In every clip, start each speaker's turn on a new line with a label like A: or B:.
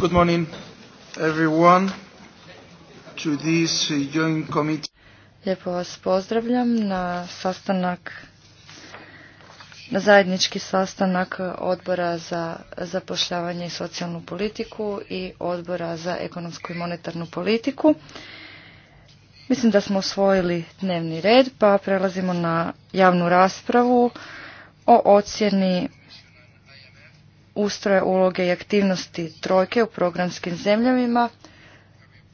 A: Good morning, everyone,
B: Lijepo vas pozdravljam na sastanak na zajednički sastanak odbora za zapošljavanje i socijalnu politiku i odbora za ekonomsku i monetarnu politiku. Mislim da smo osvojili dnevni red, pa prelazimo na javnu raspravu o ocjeni ustroja uloge i aktivnosti trojke u programskim zemljama,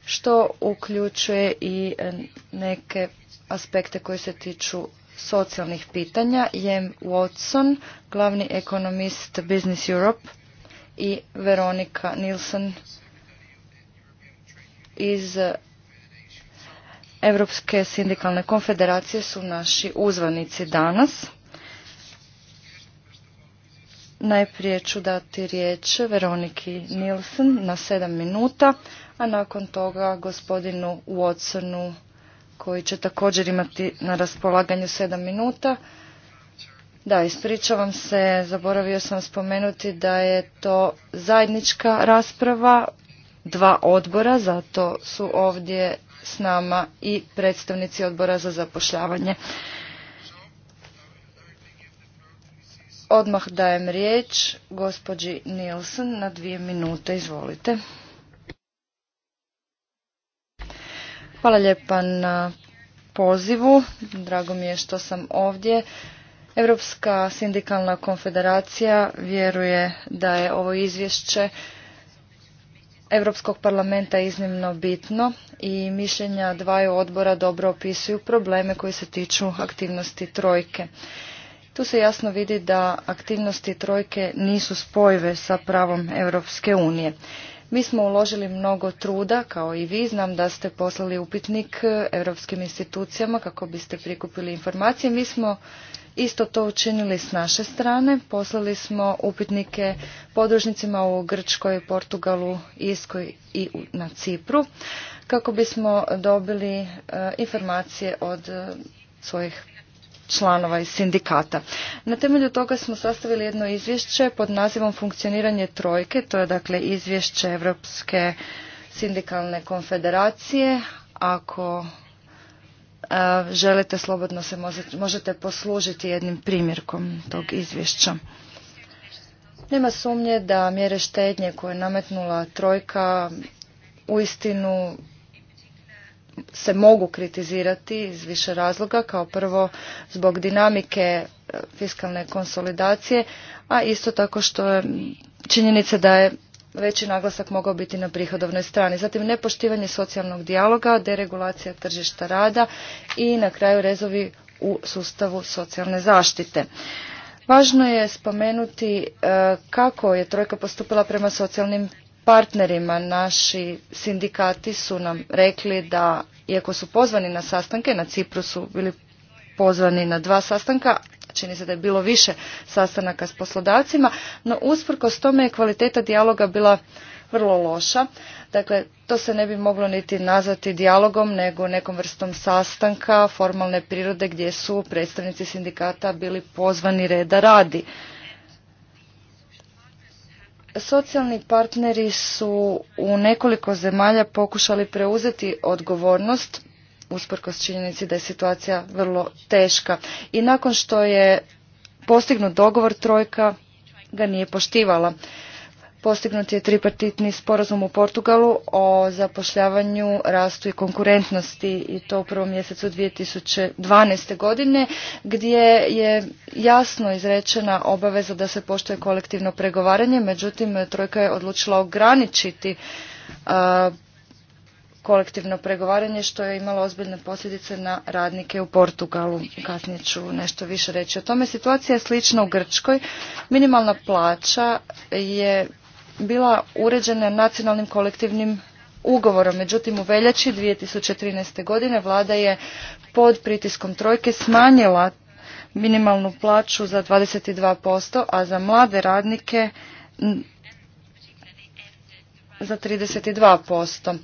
B: što uključuje i e, neke aspekte koji se tiču socijalnih pitanja. Jem Watson, glavni ekonomist Business Europe i Veronika Nilsson iz Europske sindikalne konfederacije su naši uzvanici danas. Najprije ću dati riječ Veroniki Nilsen na sedam minuta, a nakon toga gospodinu Watsonu koji će također imati na raspolaganju sedam minuta. Da, ispričavam se, zaboravio sam spomenuti da je to zajednička rasprava dva odbora, zato su ovdje s nama i predstavnici odbora za zapošljavanje. Odmah dajem riječ gospođi Nilsen, na dvije minute. Izvolite. Hvala lijepa na pozivu. Drago mi je što sam ovdje. Europska sindikalna konfederacija vjeruje da je ovo izvješće Europskog parlamenta iznimno bitno i mišljenja dvaju odbora dobro opisuju probleme koji se tiču aktivnosti trojke. Tu se jasno vidi da aktivnosti trojke nisu spojive sa pravom Europske unije. Mi smo uložili mnogo truda, kao i vi. Znam da ste poslali upitnik europskim institucijama kako biste prikupili informacije. Mi smo isto to učinili s naše strane. Poslali smo upitnike podružnicima u Grčkoj, Portugalu, Iskoj i na Cipru kako bismo dobili e, informacije od e, svojih članova iz sindikata. Na temelju toga smo sastavili jedno izvješće pod nazivom Funkcioniranje trojke, to je dakle izvješće Europske sindikalne konfederacije. Ako e, želite slobodno se možete poslužiti jednim primjerkom tog izvješća. Nema sumnje da mjere štednje koje je nametnula trojka uistinu se mogu kritizirati iz više razloga, kao prvo zbog dinamike e, fiskalne konsolidacije, a isto tako što je činjenica da je veći naglasak mogao biti na prihodovnoj strani. Zatim nepoštivanje socijalnog dijaloga, deregulacija tržišta rada i na kraju rezovi u sustavu socijalne zaštite. Važno je spomenuti e, kako je trojka postupila prema socijalnim partnerima. Naši sindikati su nam rekli da, iako su pozvani na sastanke, na Cipru su bili pozvani na dva sastanka, čini se da je bilo više sastanaka s poslodavcima, no usprkos tome je kvaliteta dijaloga bila vrlo loša. Dakle, to se ne bi moglo niti nazvati dijalogom, nego nekom vrstom sastanka formalne prirode gdje su predstavnici sindikata bili pozvani reda radi. Socijalni partneri su u nekoliko zemalja pokušali preuzeti odgovornost usprkos činjenici da je situacija vrlo teška. I nakon što je postignut dogovor trojka ga nije poštivala. Postignut je tripartitni sporazum u Portugalu o zapošljavanju, rastu i konkurentnosti i to u prvom mjesecu 2012. godine gdje je jasno izrečena obaveza da se poštuje kolektivno pregovaranje, međutim Trojka je odlučila ograničiti e, kolektivno pregovaranje što je imalo ozbiljne posljedice na radnike u Portugalu. Kasnije ću nešto više reći o tome. Situacija je slična u Grčkoj. Minimalna plaća je bila uređena nacionalnim kolektivnim ugovorom. Međutim, u veljači 2013. godine vlada je pod pritiskom trojke smanjila minimalnu plaću za 22%, a za mlade radnike za 32%.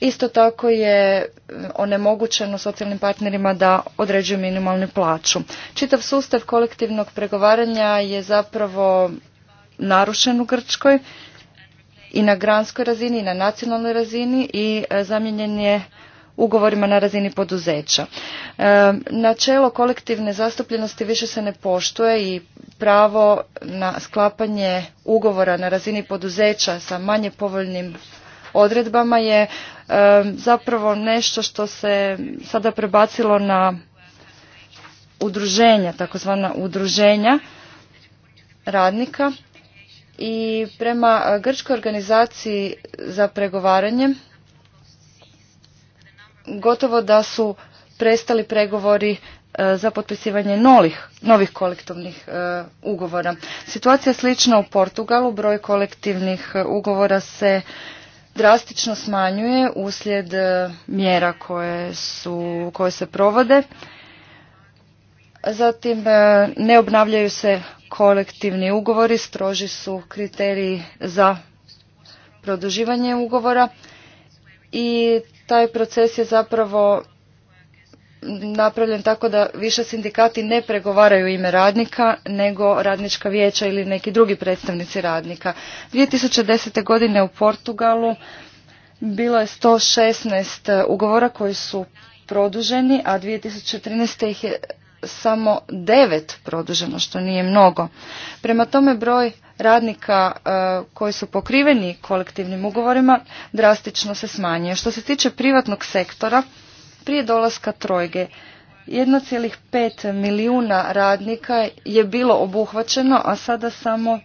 B: Isto tako je onemogućeno socijalnim partnerima da određuju minimalnu plaću. Čitav sustav kolektivnog pregovaranja je zapravo narušen u Grčkoj i na granskoj razini i na nacionalnoj razini i e, zamijenjen je ugovorima na razini poduzeća. E, načelo kolektivne zastupljenosti više se ne poštuje i pravo na sklapanje ugovora na razini poduzeća sa manje povoljnim odredbama je e, zapravo nešto što se sada prebacilo na udruženja, takozvana udruženja radnika i prema grčkoj organizaciji za pregovaranje gotovo da su prestali pregovori e, za potpisivanje novih, novih kolektivnih e, ugovora. Situacija je slična u Portugalu, broj kolektivnih e, ugovora se drastično smanjuje uslijed mjera koje, su, koje se provode. Zatim ne obnavljaju se kolektivni ugovori, stroži su kriteriji za produživanje ugovora i taj proces je zapravo napravljen tako da više sindikati ne pregovaraju ime radnika nego radnička vijeća ili neki drugi predstavnici radnika. 2010. godine u Portugalu bilo je 116 ugovora koji su produženi, a 2013. ih je samo devet produženo, što nije mnogo. Prema tome broj radnika e, koji su pokriveni kolektivnim ugovorima drastično se smanjuje. Što se tiče privatnog sektora, prije dolaska trojge 1,5 milijuna radnika je bilo obuhvaćeno, a sada samo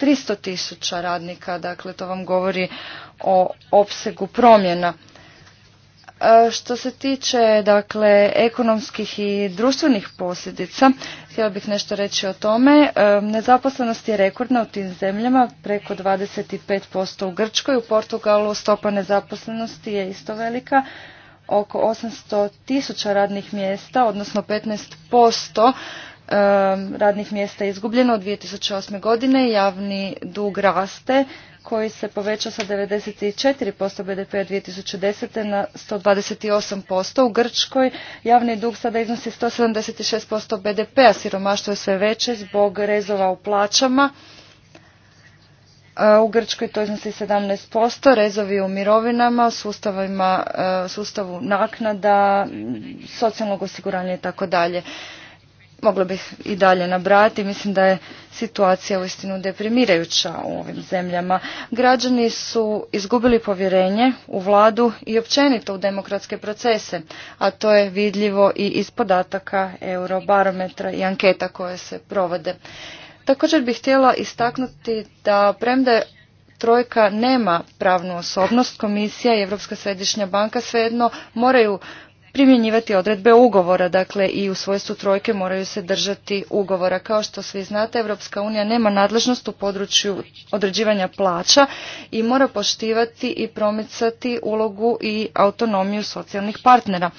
B: 300 tisuća radnika, dakle to vam govori o opsegu promjena. E, što se tiče dakle ekonomskih i društvenih posljedica, htjela bih nešto reći o tome. E, nezaposlenost je rekordna u tim zemljama, preko 25% u Grčkoj, u Portugalu stopa nezaposlenosti je isto velika, oko 800 tisuća radnih mjesta, odnosno 15% e, radnih mjesta izgubljeno od 2008. godine, javni dug raste, koji se povećao sa 94% bdp 2010. na 128%. U Grčkoj javni dug sada iznosi 176% BDP-a, siromaštvo je sve veće zbog rezova u plaćama. E, u Grčkoj to iznosi 17%, rezovi u mirovinama, sustavima, e, sustavu naknada, socijalnog osiguranja i tako dalje mogla bih i dalje nabrati. Mislim da je situacija uistinu deprimirajuća u ovim zemljama. Građani su izgubili povjerenje u vladu i općenito u demokratske procese, a to je vidljivo i iz podataka eurobarometra i anketa koje se provode. Također bih htjela istaknuti da premda Trojka nema pravnu osobnost, Komisija i Europska središnja banka svejedno moraju primjenjivati odredbe ugovora, dakle i u svojstvu trojke moraju se držati ugovora. Kao što svi znate, Europska unija nema nadležnost u području određivanja plaća i mora poštivati i promicati ulogu i autonomiju socijalnih partnera.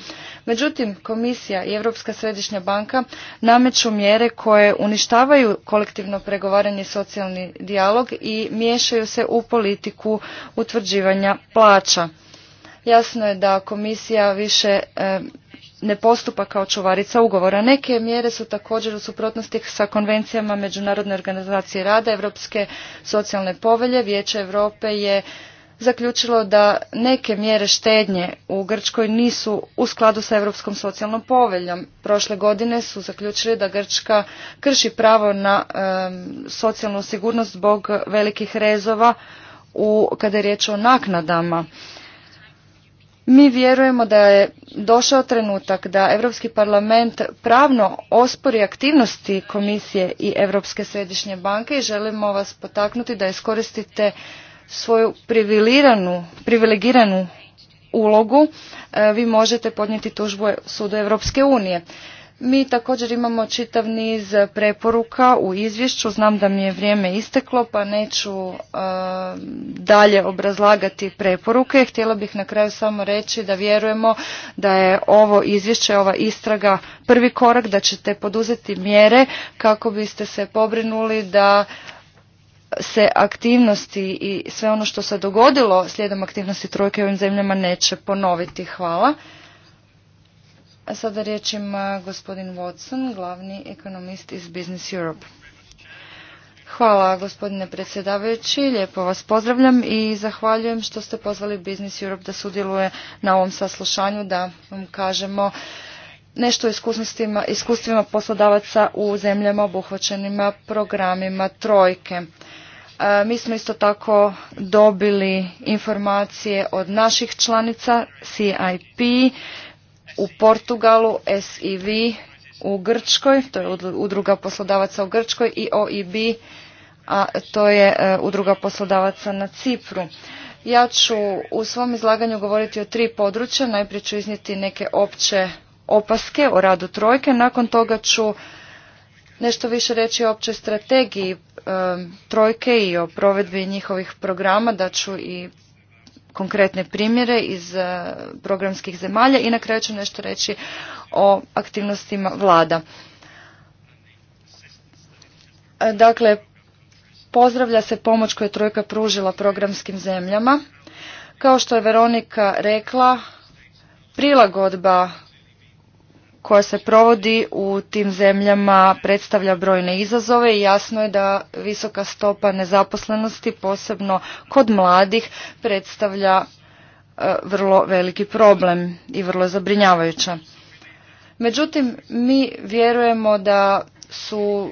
B: Međutim, Komisija i Europska središnja banka nameću mjere koje uništavaju kolektivno pregovaranje i socijalni dijalog i miješaju se u politiku utvrđivanja plaća. Jasno je da komisija više e, ne postupa kao čuvarica ugovora. Neke mjere su također u suprotnosti sa konvencijama Međunarodne organizacije rada, Europske socijalne povelje. Vijeće Europe je zaključilo da neke mjere štednje u Grčkoj nisu u skladu sa Europskom socijalnom poveljom. Prošle godine su zaključili da Grčka krši pravo na e, socijalnu sigurnost zbog velikih rezova u, kada je riječ o naknadama mi vjerujemo da je došao trenutak da Europski parlament pravno ospori aktivnosti Komisije i Europske središnje banke i želimo vas potaknuti da iskoristite svoju privilegiranu ulogu. E, vi možete podnijeti tužbu sudu Europske unije. Mi također imamo čitav niz preporuka u izvješću. Znam da mi je vrijeme isteklo pa neću e, dalje obrazlagati preporuke. Htjela bih na kraju samo reći da vjerujemo da je ovo izvješće, ova istraga prvi korak, da ćete poduzeti mjere kako biste se pobrinuli da se aktivnosti i sve ono što se dogodilo slijedom aktivnosti trojke u ovim zemljama neće ponoviti. Hvala. A sada riječ ima gospodin Watson, glavni ekonomist iz Business Europe. Hvala gospodine predsjedavajući, lijepo vas pozdravljam i zahvaljujem što ste pozvali Business Europe da sudjeluje na ovom saslušanju, da vam kažemo nešto o iskustvima, iskustvima poslodavaca u zemljama obuhvaćenima programima Trojke. E, mi smo isto tako dobili informacije od naših članica CIP, u Portugalu, SIV u Grčkoj, to je udruga poslodavaca u Grčkoj i OIB, a to je e, udruga poslodavaca na Cipru. Ja ću u svom izlaganju govoriti o tri područja. Najprije ću iznijeti neke opće opaske o radu trojke. Nakon toga ću nešto više reći o općoj strategiji e, trojke i o provedbi njihovih programa. Da ću i konkretne primjere iz e, programskih zemalja i na kraju ću nešto reći o aktivnostima vlada. E, dakle, pozdravlja se pomoć koju je Trojka pružila programskim zemljama. Kao što je Veronika rekla, prilagodba koja se provodi u tim zemljama predstavlja brojne izazove i jasno je da visoka stopa nezaposlenosti, posebno kod mladih, predstavlja e, vrlo veliki problem i vrlo zabrinjavajuća. Međutim, mi vjerujemo da su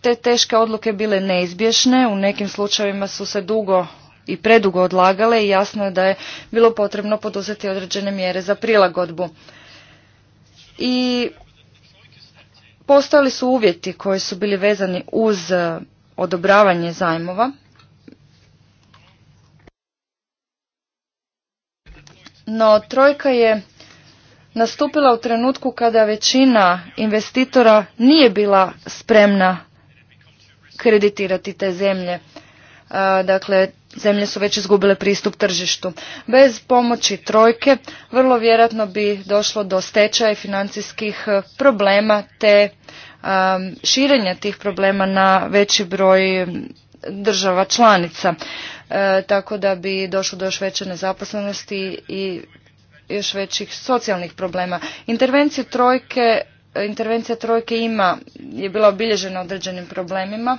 B: te teške odluke bile neizbješne, u nekim slučajevima su se dugo i predugo odlagale i jasno je da je bilo potrebno poduzeti određene mjere za prilagodbu i postojali su uvjeti koji su bili vezani uz e, odobravanje zajmova. No, trojka je nastupila u trenutku kada većina investitora nije bila spremna kreditirati te zemlje. E, dakle, zemlje su već izgubile pristup tržištu. Bez pomoći trojke vrlo vjerojatno bi došlo do stečaja financijskih eh, problema te ehm, širenja tih problema na veći broj mm, država članica. Eh, tako da bi došlo do još veće nezaposlenosti i još većih socijalnih problema. Intervencija trojke eh, intervencija trojke ima, je bila obilježena određenim problemima,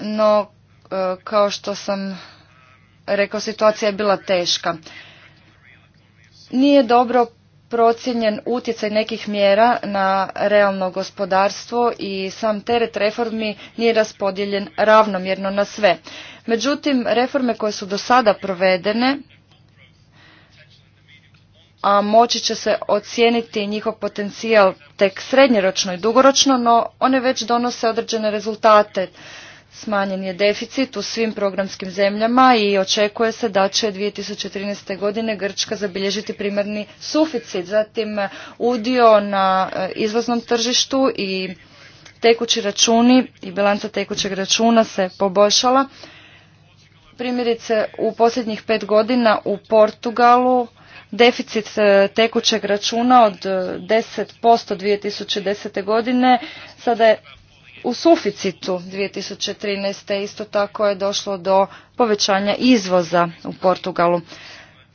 B: no kao što sam rekao, situacija je bila teška. Nije dobro procijenjen utjecaj nekih mjera na realno gospodarstvo i sam teret reformi nije raspodijeljen ravnomjerno na sve. Međutim, reforme koje su do sada provedene, a moći će se ocijeniti njihov potencijal tek srednjeročno i dugoročno, no one već donose određene rezultate Smanjen je deficit u svim programskim zemljama i očekuje se da će 2013. godine Grčka zabilježiti primarni suficit. Zatim e, udio na e, izvoznom tržištu i tekući računi i bilanca tekućeg računa se poboljšala. Primjerice u posljednjih pet godina u Portugalu deficit e, tekućeg računa od 10% 2010. godine sada je u suficitu 2013. Isto tako je došlo do povećanja izvoza u Portugalu.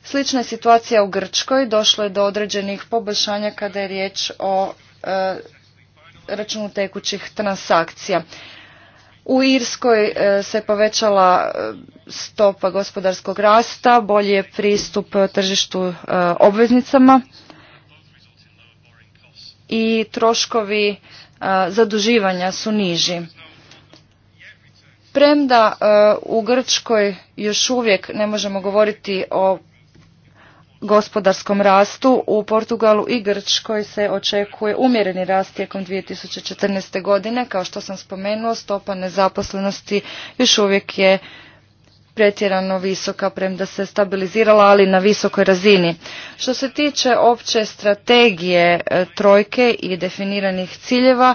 B: Slična je situacija u Grčkoj, došlo je do određenih poboljšanja kada je riječ o e, računu tekućih transakcija. U Irskoj e, se povećala e, stopa gospodarskog rasta, bolji je pristup tržištu e, obveznicama i troškovi zaduživanja su niži. Premda e, u Grčkoj još uvijek ne možemo govoriti o gospodarskom rastu, u Portugalu i Grčkoj se očekuje umjereni rast tijekom 2014. godine. Kao što sam spomenuo, stopa nezaposlenosti još uvijek je pretjerano visoka, premda se stabilizirala, ali na visokoj razini. Što se tiče opće strategije e, trojke i definiranih ciljeva,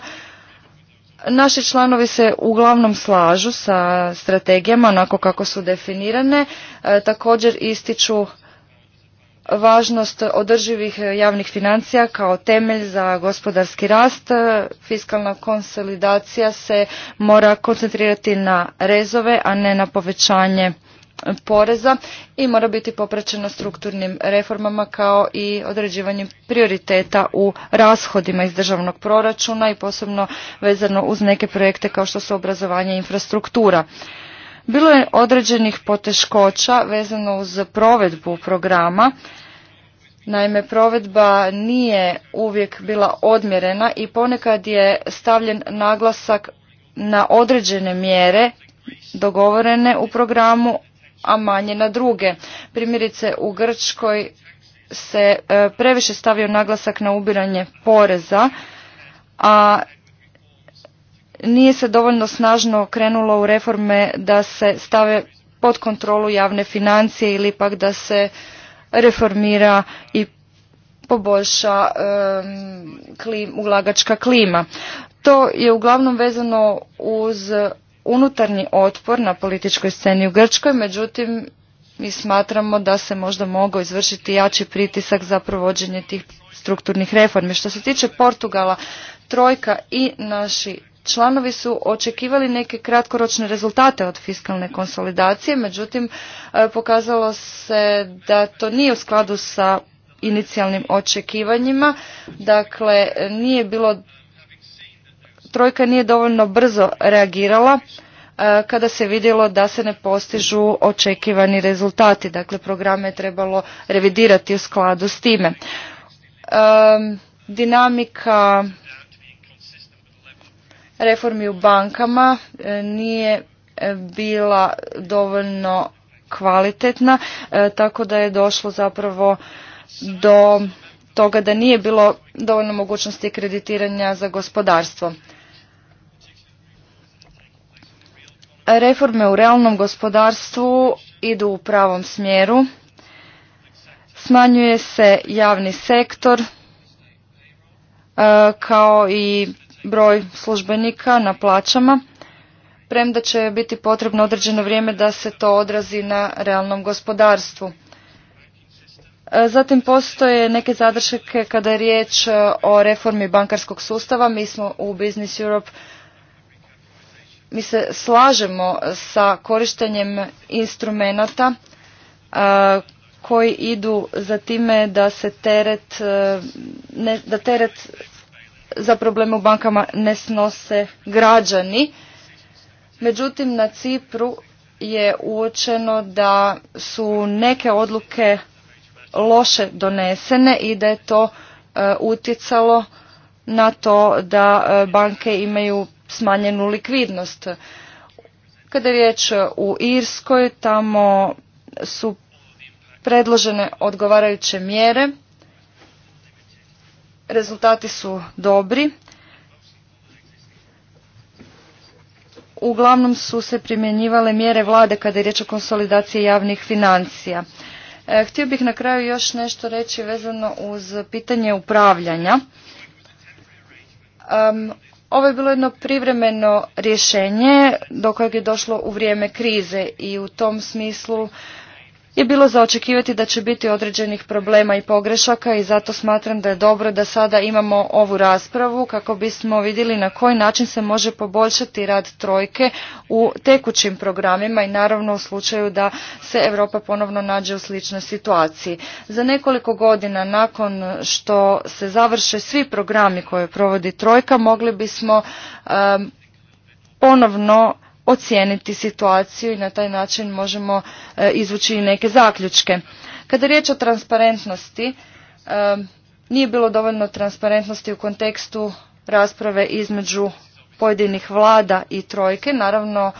B: naši članovi se uglavnom slažu sa strategijama onako kako su definirane, e, također ističu važnost održivih javnih financija kao temelj za gospodarski rast. Fiskalna konsolidacija se mora koncentrirati na rezove, a ne na povećanje poreza i mora biti popraćena strukturnim reformama kao i određivanjem prioriteta u rashodima iz državnog proračuna i posebno vezano uz neke projekte kao što su obrazovanje i infrastruktura. Bilo je određenih poteškoća vezano uz provedbu programa. Naime, provedba nije uvijek bila odmjerena i ponekad je stavljen naglasak na određene mjere dogovorene u programu, a manje na druge. Primjerice, u Grčkoj se e, previše stavio naglasak na ubiranje poreza, a nije se dovoljno snažno krenulo u reforme da se stave pod kontrolu javne financije ili pak da se reformira i poboljša ulagačka klima. To je uglavnom vezano uz unutarnji otpor na političkoj sceni u Grčkoj, međutim mi smatramo da se možda mogao izvršiti jači pritisak za provođenje tih strukturnih reformi. Što se tiče Portugala, Trojka i naši članovi su očekivali neke kratkoročne rezultate od fiskalne konsolidacije, međutim e, pokazalo se da to nije u skladu sa inicijalnim očekivanjima, dakle nije bilo trojka nije dovoljno brzo reagirala e, kada se vidjelo da se ne postižu očekivani rezultati. Dakle, programe je trebalo revidirati u skladu s time. E, dinamika reformi u bankama e, nije e, bila dovoljno kvalitetna, e, tako da je došlo zapravo do toga da nije bilo dovoljno mogućnosti kreditiranja za gospodarstvo. Reforme u realnom gospodarstvu idu u pravom smjeru. Smanjuje se javni sektor kao i broj službenika na plaćama, premda će biti potrebno određeno vrijeme da se to odrazi na realnom gospodarstvu. E, zatim postoje neke zadrške kada je riječ e, o reformi bankarskog sustava. Mi smo u Business Europe mi se slažemo sa korištenjem instrumenata e, koji idu za time da se teret, ne, da teret za probleme u bankama ne snose građani. Međutim, na Cipru je uočeno da su neke odluke loše donesene i da je to e, utjecalo na to da e, banke imaju smanjenu likvidnost. Kada je riječ u Irskoj, tamo su predložene odgovarajuće mjere Rezultati su dobri. Uglavnom su se primjenjivale mjere vlade kada je riječ o konsolidaciji javnih financija. E, htio bih na kraju još nešto reći vezano uz pitanje upravljanja. ovo je bilo jedno privremeno rješenje do kojeg je došlo u vrijeme krize i u tom smislu je bilo za očekivati da će biti određenih problema i pogrešaka i zato smatram da je dobro da sada imamo ovu raspravu kako bismo vidjeli na koji način se može poboljšati rad trojke u tekućim programima i naravno u slučaju da se Europa ponovno nađe u sličnoj situaciji. Za nekoliko godina nakon što se završe svi programi koje provodi trojka mogli bismo ponovno ocijeniti situaciju i na taj način možemo e, izvući i neke zaključke. Kada je riječ o transparentnosti, e, nije bilo dovoljno transparentnosti u kontekstu rasprave između pojedinih vlada i trojke. Naravno,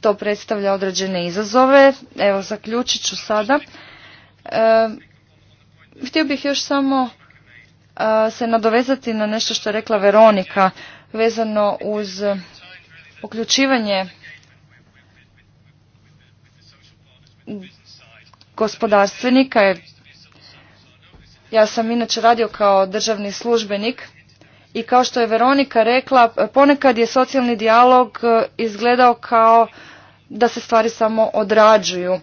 B: to predstavlja određene izazove. Evo, zaključit ću sada. E, htio bih još samo se nadovezati na nešto što je rekla Veronika vezano uz uključivanje gospodarstvenika. Ja sam inače radio kao državni službenik i kao što je Veronika rekla, ponekad je socijalni dijalog e, izgledao kao da se stvari samo odrađuju. E,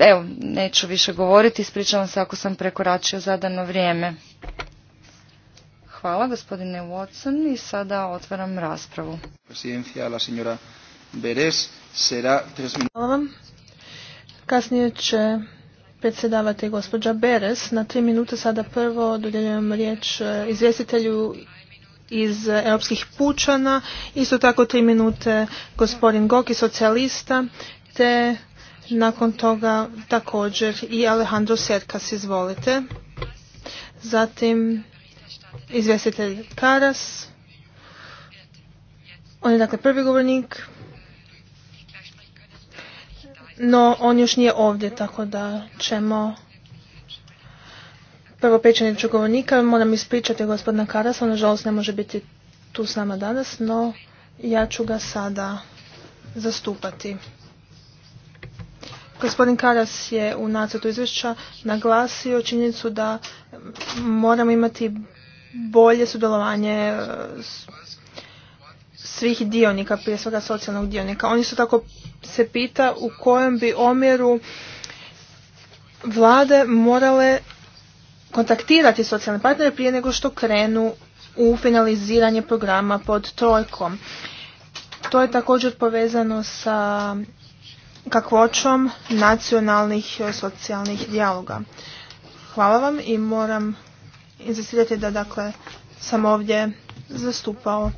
B: evo, neću više govoriti, ispričavam se ako sam prekoračio zadano vrijeme. Hvala gospodine Watson i sada otvaram raspravu. Hvala vam. Kasnije će predsjedavati gospođa
A: Beres. Na tri minute sada prvo dodjeljujem riječ e, izvjestitelju iz Europskih pučana. Isto tako tri minute gospodin Goki, socijalista, te nakon toga također i Alejandro Serkas, izvolite. Zatim izvjestitelj Karas. On je dakle prvi govornik no on još nije ovdje, tako da ćemo prvo pečeniću čugovornika. Moram ispričati gospodina Karasa, on nažalost ne može biti tu s nama danas, no ja ću ga sada zastupati. Gospodin Karas je u nacrtu izvješća naglasio činjenicu da moramo imati bolje sudjelovanje svih dionika, prije svega socijalnog dionika. Oni su tako se pita u kojem bi omjeru vlade morale kontaktirati socijalne partnere prije nego što krenu u finaliziranje programa pod trojkom. To je također povezano sa kakvoćom nacionalnih socijalnih dijaloga. Hvala vam i moram insistirati da dakle sam ovdje zastupao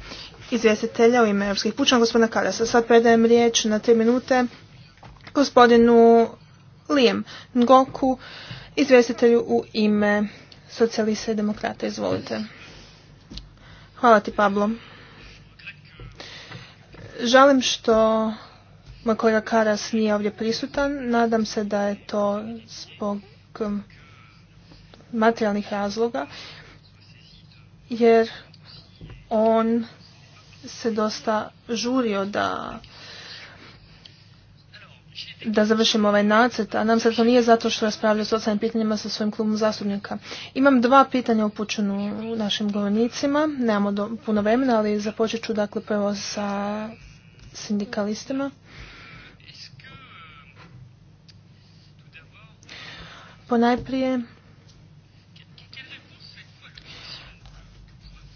A: izvjestitelja u ime Europskih pučana, gospodina Karasa. Sad predajem riječ na tri minute gospodinu Lijem Ngoku, izvjestitelju u ime socijalista i demokrata. Izvolite. Hvala ti, Pablo. Žalim što moj kolega Karas nije ovdje prisutan. Nadam se da je to zbog um, materijalnih razloga, jer on se dosta žurio da da završimo ovaj nacrt, a nam se to nije zato što raspravlja s socijalnim pitanjima sa svojim klubom zastupnika. Imam dva pitanja upućenu našim govornicima, nemamo puno vremena, ali započet ću dakle prvo sa sindikalistima. Ponajprije,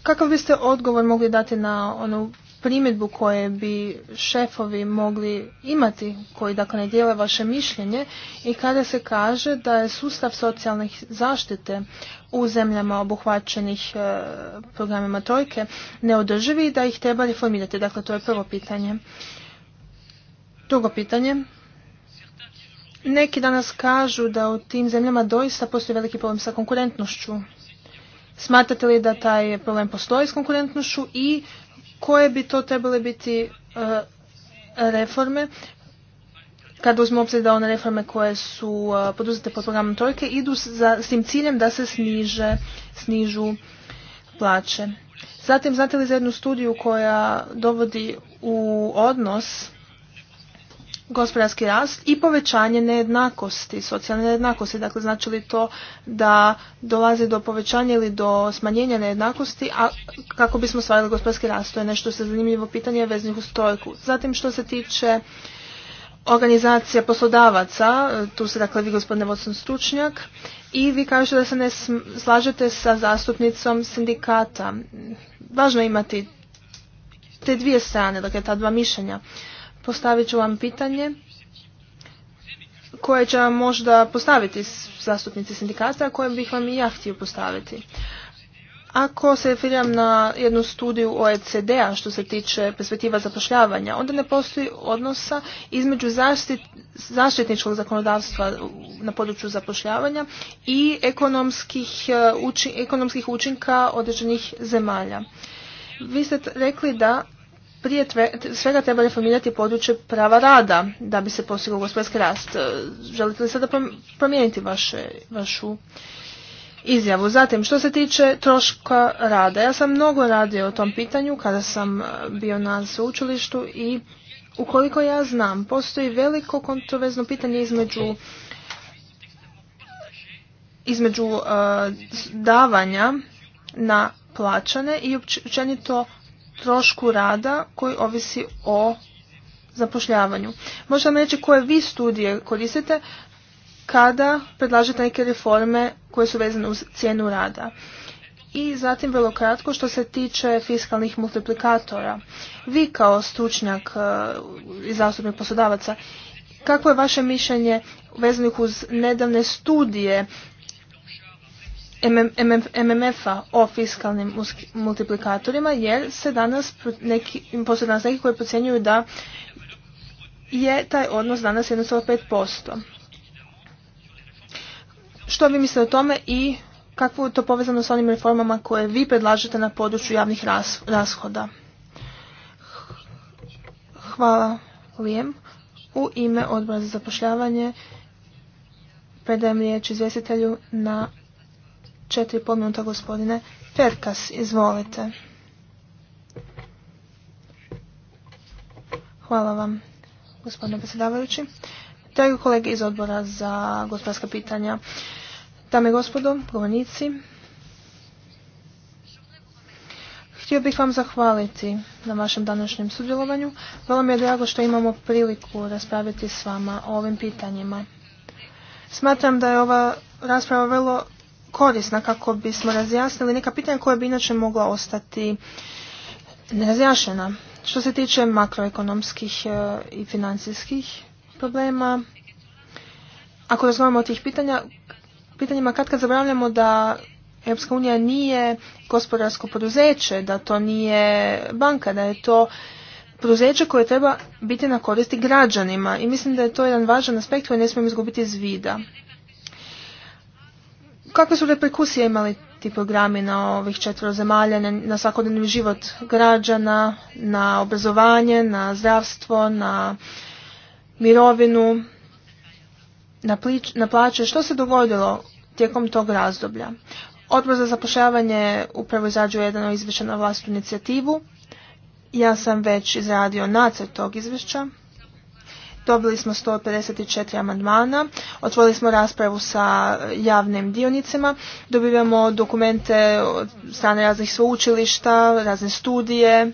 A: Kakav biste odgovor mogli dati na onu primjedbu koje bi šefovi mogli imati, koji dakle ne dijele vaše mišljenje i kada se kaže da je sustav socijalne zaštite u zemljama obuhvaćenih e, programima trojke neodrživi i da ih treba reformirati. Dakle, to je prvo pitanje. Drugo pitanje. Neki danas kažu da u tim zemljama doista postoji veliki problem sa konkurentnošću Smatrate li da taj problem postoji s konkurentnošću i koje bi to trebale biti e, reforme kada uzmemo obzir da one reforme koje su e, poduzete pod programom trojke idu za, s tim ciljem da se sniže, snižu plaće. Zatim, znate li za jednu studiju koja dovodi u odnos gospodarski rast i povećanje nejednakosti, socijalne nejednakosti. Dakle, znači li to da dolazi do povećanja ili do smanjenja nejednakosti, a kako bismo stvarili gospodarski rast? To je nešto se zanimljivo pitanje veznih u stojku. Zatim što se tiče organizacija poslodavaca, tu se, dakle vi gospodine Vodson stručnjak, i vi kažete da se ne slažete sa zastupnicom sindikata. Važno je imati te dvije strane, dakle ta dva mišljenja. Postavit ću vam pitanje koje će vam možda postaviti zastupnici sindikata, a koje bih vam i ja htio postaviti. Ako se referiram na jednu studiju OECD-a što se tiče perspektiva zapošljavanja, onda ne postoji odnosa između zaštit, zaštitničkog zakonodavstva na području zapošljavanja i ekonomskih, e, ekonomskih učinka određenih zemalja. Vi ste rekli da prije svega treba reformirati područje prava rada da bi se postigao gospodarski rast. E, želite li sada promijeniti vaše, vašu izjavu? Zatim, što se tiče troška rada, ja sam mnogo radio o tom pitanju kada sam e, bio na sveučilištu i ukoliko ja znam, postoji veliko kontroverzno pitanje između između e, davanja na plaćane i općenito trošku rada koji ovisi o zapošljavanju. Možda vam reći koje vi studije koristite kada predlažete neke reforme koje su vezane uz cijenu rada. I zatim vrlo kratko što se tiče fiskalnih multiplikatora. Vi kao stručnjak e, i zastupnik poslodavaca, kako je vaše mišljenje vezanih uz nedavne studije MMF-a o fiskalnim multiplikatorima jer se danas neki, postoje danas neki koji procjenjuju da je taj odnos danas 1,5%. Što vi mislite o tome i kako je to povezano s onim reformama koje vi predlažete na području javnih rashoda? Hvala Lijem. U ime odbora za zapošljavanje predajem riječ izvjestitelju na Četiri pol minuta gospodine Perkas, izvolite. Hvala vam gospodine predsjedavajući. Dragi kolege iz odbora za gospodarska pitanja, dame i gospodo, govornici, Htio bih vam zahvaliti na vašem današnjem sudjelovanju. Vrlo mi je drago što imamo priliku raspraviti s vama o ovim pitanjima. Smatram da je ova rasprava vrlo korisna kako bismo razjasnili neka pitanja koja bi inače mogla ostati nerazjašena. Što se tiče makroekonomskih e, i financijskih problema, ako razgovaramo o tih pitanja, pitanjima kad kad zabravljamo da Europska unija nije gospodarsko poduzeće, da to nije banka, da je to poduzeće koje treba biti na koristi građanima i mislim da je to jedan važan aspekt koji ne smijemo izgubiti iz vida. Kakve su reperkusije imali ti programi na ovih četvro zemalja, na svakodnevni život građana, na obrazovanje, na zdravstvo, na mirovinu, na, plaće? Što se dogodilo tijekom tog razdoblja? Odbor za zapošljavanje upravo izrađuje jedan izvješće na vlastnu inicijativu. Ja sam već izradio nacrt tog izvješća. Dobili smo 154 amandmana, otvorili smo raspravu sa javnim dionicima, dobivamo dokumente od strane raznih sveučilišta, razne studije.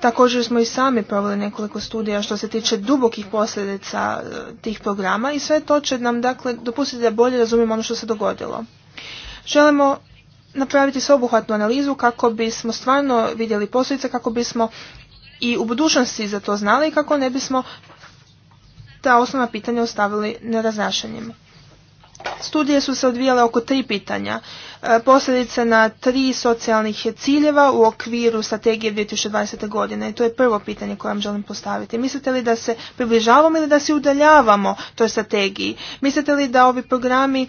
A: Također smo i sami proveli nekoliko studija što se tiče dubokih posljedica eh, tih programa i sve to će nam dakle dopustiti da bolje razumijemo ono što se dogodilo. Želimo napraviti sveobuhvatnu analizu kako bismo stvarno vidjeli posljedice, kako bismo i u budućnosti za to znali kako ne bismo ta osnovna pitanja ostavili nerazrašenjem. Studije su se odvijale oko tri pitanja. E, posljedice na tri socijalnih ciljeva u okviru strategije 2020. godine. I to je prvo pitanje koje vam želim postaviti. Mislite li da se približavamo ili da se udaljavamo toj strategiji? Mislite li da ovi programi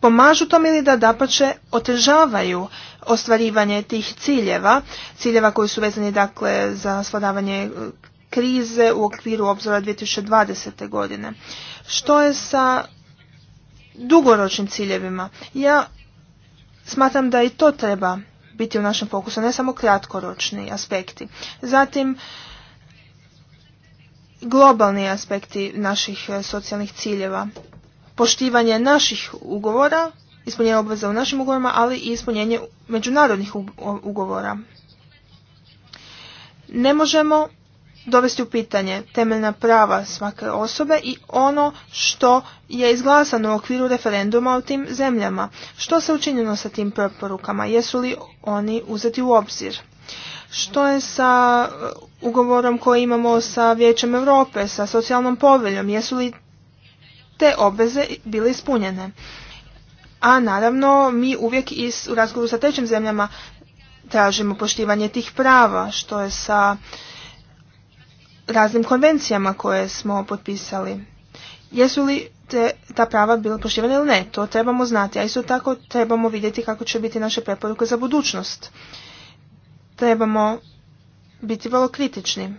A: pomažu tom ili da dapače otežavaju ostvarivanje tih ciljeva, ciljeva koji su vezani dakle za svladavanje e, krize u okviru obzora 2020. godine. Što je sa dugoročnim ciljevima? Ja smatram da i to treba biti u našem fokusu, ne samo kratkoročni aspekti. Zatim, globalni aspekti naših e, socijalnih ciljeva, poštivanje naših ugovora ispunjenje obveza u našim ugovorima, ali i ispunjenje međunarodnih ugovora. Ne možemo dovesti u pitanje temeljna prava svake osobe i ono što je izglasano u okviru referenduma u tim zemljama. Što se učinjeno sa tim preporukama? Jesu li oni uzeti u obzir? Što je sa uh, ugovorom koji imamo sa Vijećem Europe, sa socijalnom poveljom? Jesu li te obveze bile ispunjene? A naravno, mi uvijek u razgovoru sa trećim zemljama tražimo poštivanje tih prava, što je sa raznim konvencijama koje smo potpisali. Jesu li te, ta prava bila poštivana ili ne? To trebamo znati, a isto tako trebamo vidjeti kako će biti naše preporuke za budućnost. Trebamo biti vrlo kritični.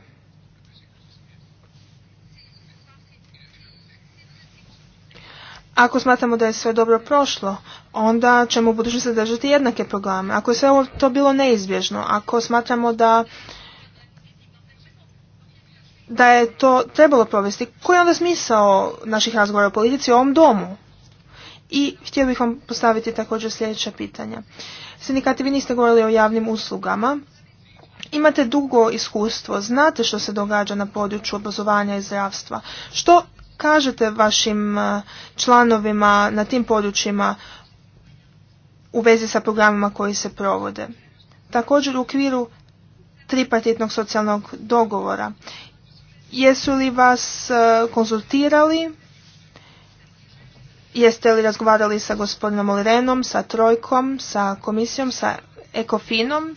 A: Ako smatramo da je sve dobro prošlo, onda ćemo u budućnosti držati jednake programe. Ako je sve ovo to bilo neizbježno, ako smatramo da da je to trebalo provesti, koji je onda smisao naših razgovora o politici u ovom domu? I htio bih vam postaviti također sljedeća pitanja. Sindikati, vi niste govorili o javnim uslugama. Imate dugo iskustvo, znate što se događa na području obrazovanja i zdravstva. Što kažete vašim e, članovima na tim područjima u vezi sa programima koji se provode. Također u okviru tripartitnog socijalnog dogovora. Jesu li vas e, konzultirali? Jeste li razgovarali sa gospodinom Olrenom, sa Trojkom, sa komisijom, sa Ekofinom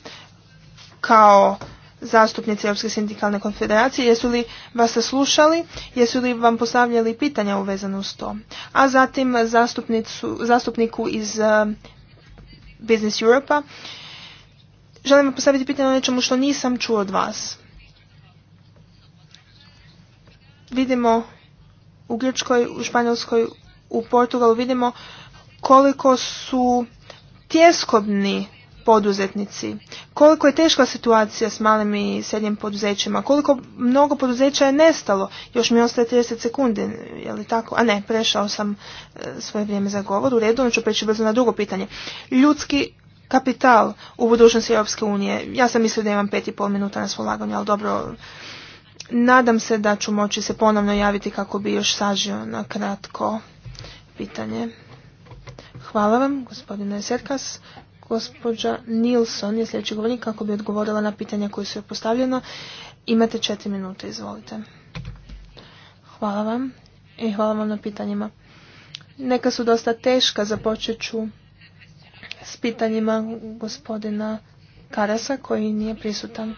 A: kao zastupnici Europske sindikalne konfederacije, jesu li vas saslušali, jesu li vam postavljali pitanja uvezano uz to. A zatim zastupniku iz eh, Business Europa želim vam postaviti pitanje o nečemu što nisam čuo od vas. Vidimo u Grčkoj, u Španjolskoj, u Portugalu vidimo koliko su tjeskobni poduzetnici. Koliko je teška situacija s malim i srednjim poduzećima, koliko mnogo poduzeća je nestalo, još mi ostaje 30 sekundi, je li tako? A ne, prešao sam e, svoje vrijeme za govor, u redu, ću preći brzo na drugo pitanje. Ljudski kapital u budućnosti Europske unije, ja sam mislio da imam pet i pol minuta na svolaganju, ali dobro, nadam se da ću moći se ponovno javiti kako bi još sažio na kratko pitanje. Hvala vam, gospodine Serkas. Gospođa Nilsson je sljedeći govornik kako bi odgovorila na pitanja koje su joj postavljeno. Imate četiri minute, izvolite. Hvala vam i hvala vam na pitanjima. Neka su dosta teška, započet ću s pitanjima gospodina Karasa koji nije prisutan.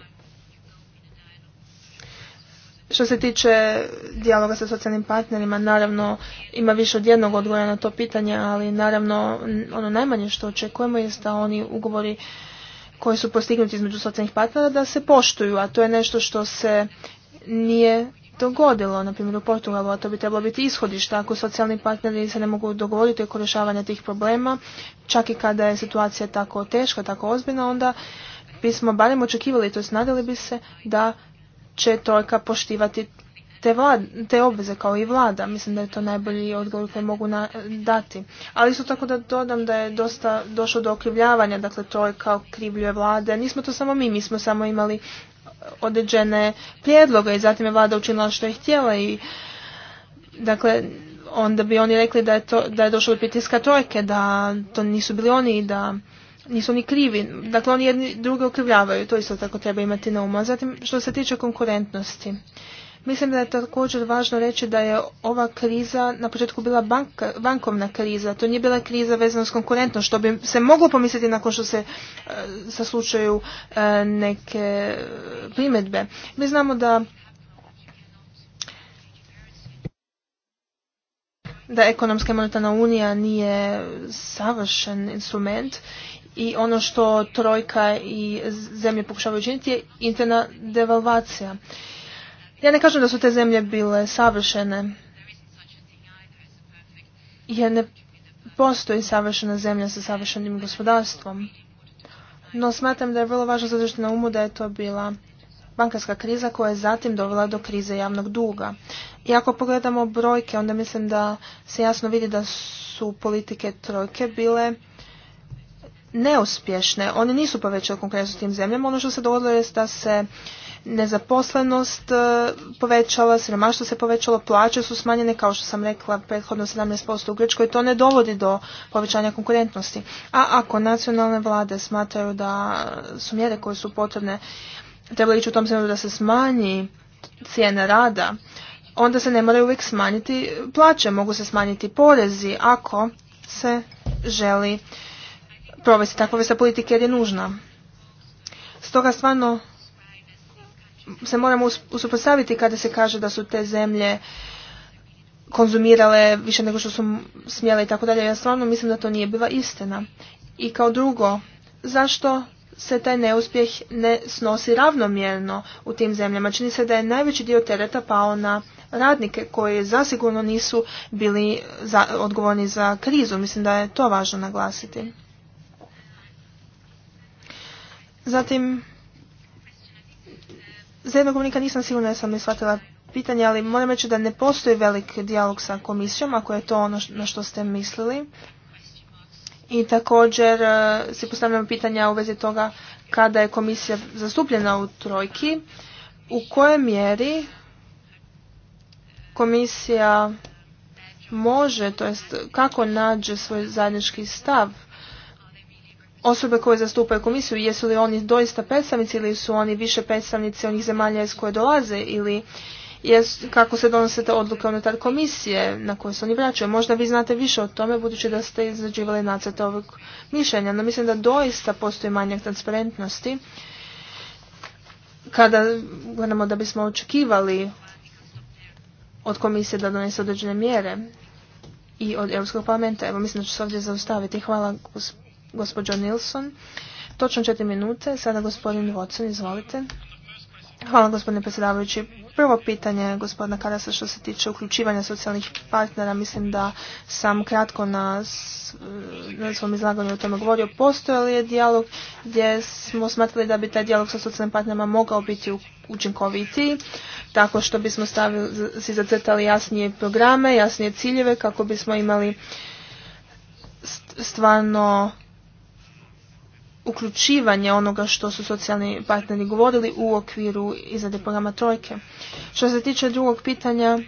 A: Što se tiče dijaloga sa socijalnim partnerima, naravno ima više od jednog odgovora na to pitanje, ali naravno ono najmanje što očekujemo je da oni ugovori koji su postignuti između socijalnih partnera da se poštuju, a to je nešto što se nije dogodilo, na primjer u Portugalu, a to bi trebalo biti ishodište ako socijalni partneri se ne mogu dogovoriti oko rješavanja tih problema, čak i kada je situacija tako teška, tako ozbiljna, onda bismo barem očekivali, to nadali bi se da će Trojka poštivati te, vlad, te obveze kao i vlada. Mislim da je to najbolji odgovor koji mogu dati. Ali isto tako da dodam da je dosta došlo do okrivljavanja, dakle Trojka okrivljuje vlade. Nismo to samo mi, mi smo samo imali određene prijedloge i zatim je vlada učinila što je htjela i dakle onda bi oni rekli da je, to, da je došlo do pritiska trojke, da to nisu bili oni i da nisu ni krivi. Dakle, oni jedni druge okrivljavaju, to isto tako treba imati na umu. Zatim, što se tiče konkurentnosti, mislim da je također važno reći da je ova kriza na početku bila bankovna kriza, to nije bila kriza vezana s konkurentnost što bi se moglo pomisliti nakon što se e, saslučaju e, neke primjedbe. Mi znamo da da ekonomska monetarna unija nije savršen instrument i ono što trojka i zemlje pokušavaju učiniti je interna devalvacija. Ja ne kažem da su te zemlje bile savršene, jer ne postoji savršena zemlja sa savršenim gospodarstvom. No smatram da je vrlo važno zadržati na umu da je to bila bankarska kriza koja je zatim dovela do krize javnog duga. I ako pogledamo brojke, onda mislim da se jasno vidi da su politike trojke bile neuspješne. Oni nisu povećale konkurentnost tim zemljama. Ono što se dogodilo je da se nezaposlenost e, povećala, siromaštvo se povećalo, plaće su smanjene, kao što sam rekla, prethodno 17% u Grčkoj, to ne dovodi do povećanja konkurentnosti. A ako nacionalne vlade smatraju da su mjere koje su potrebne, trebali ići u tom smjeru da se smanji cijena rada, onda se ne moraju uvijek smanjiti plaće, mogu se smanjiti porezi ako se želi provesti takva vrsta politike jer je nužna. Stoga stvarno se moramo usupostaviti kada se kaže da su te zemlje konzumirale više nego što su smjele i tako dalje. Ja stvarno mislim da to nije bila istina. I kao drugo, zašto se taj neuspjeh ne snosi ravnomjerno u tim zemljama? Čini se da je najveći dio tereta pao na radnike koji zasigurno nisu bili odgovorni za krizu. Mislim da je to važno naglasiti. Zatim, za jednog komunika nisam sigurna da sam ne shvatila pitanje, ali moram reći da ne postoji velik dijalog sa komisijom, ako je to ono na što ste mislili. I također e, si postavljamo pitanja u vezi toga kada je komisija zastupljena u trojki, u kojoj mjeri komisija može, to jest kako nađe svoj zajednički stav osobe koje zastupaju komisiju, jesu li oni doista predstavnici ili su oni više predstavnici onih zemalja iz koje dolaze ili kako se donose te odluke unutar komisije na koje se oni vraćaju. Možda vi znate više o tome budući da ste izrađivali nacrt ovog mišljenja, no mislim da doista postoji manjak transparentnosti kada gledamo da bismo očekivali od komisije da donese određene mjere i od Europskog parlamenta. Evo mislim da ću se ovdje zaustaviti. Hvala gospodinu gospođo Nilsson. Točno četiri minute. Sada gospodin Watson, izvolite. Hvala gospodine predsjedavajući. Prvo pitanje gospodina Karasa što se tiče uključivanja socijalnih partnera, mislim da sam kratko na, svom izlaganju o tome govorio. Postoje li je dijalog gdje smo smatrali da bi taj dijalog sa socijalnim partnerima mogao biti učinkovitiji, tako što bismo stavili, si zacrtali jasnije programe, jasnije ciljeve kako bismo imali stvarno uključivanje onoga što su socijalni partneri govorili u okviru izrade programa Trojke. Što se tiče drugog pitanja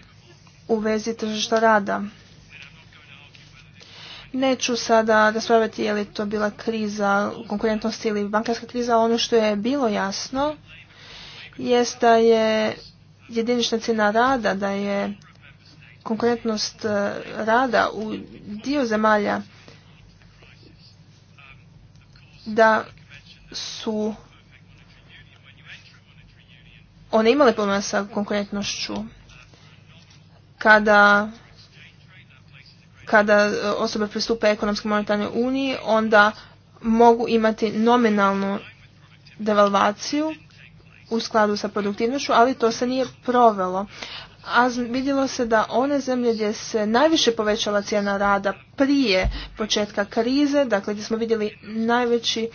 A: u vezi tržišta rada, neću sada raspravljati je li to bila kriza konkurentnosti ili bankarska kriza, ono što je bilo jasno jest da je jedinična cijena rada, da je konkurentnost eh, rada u dio zemalja da su one imale problema sa konkurentnošću kada kada osobe pristupe ekonomskoj monetarnoj uniji, onda mogu imati nominalnu devalvaciju u skladu sa produktivnošću, ali to se nije provelo a vidjelo se da one zemlje gdje se najviše povećala cijena rada prije početka krize, dakle gdje smo vidjeli najveći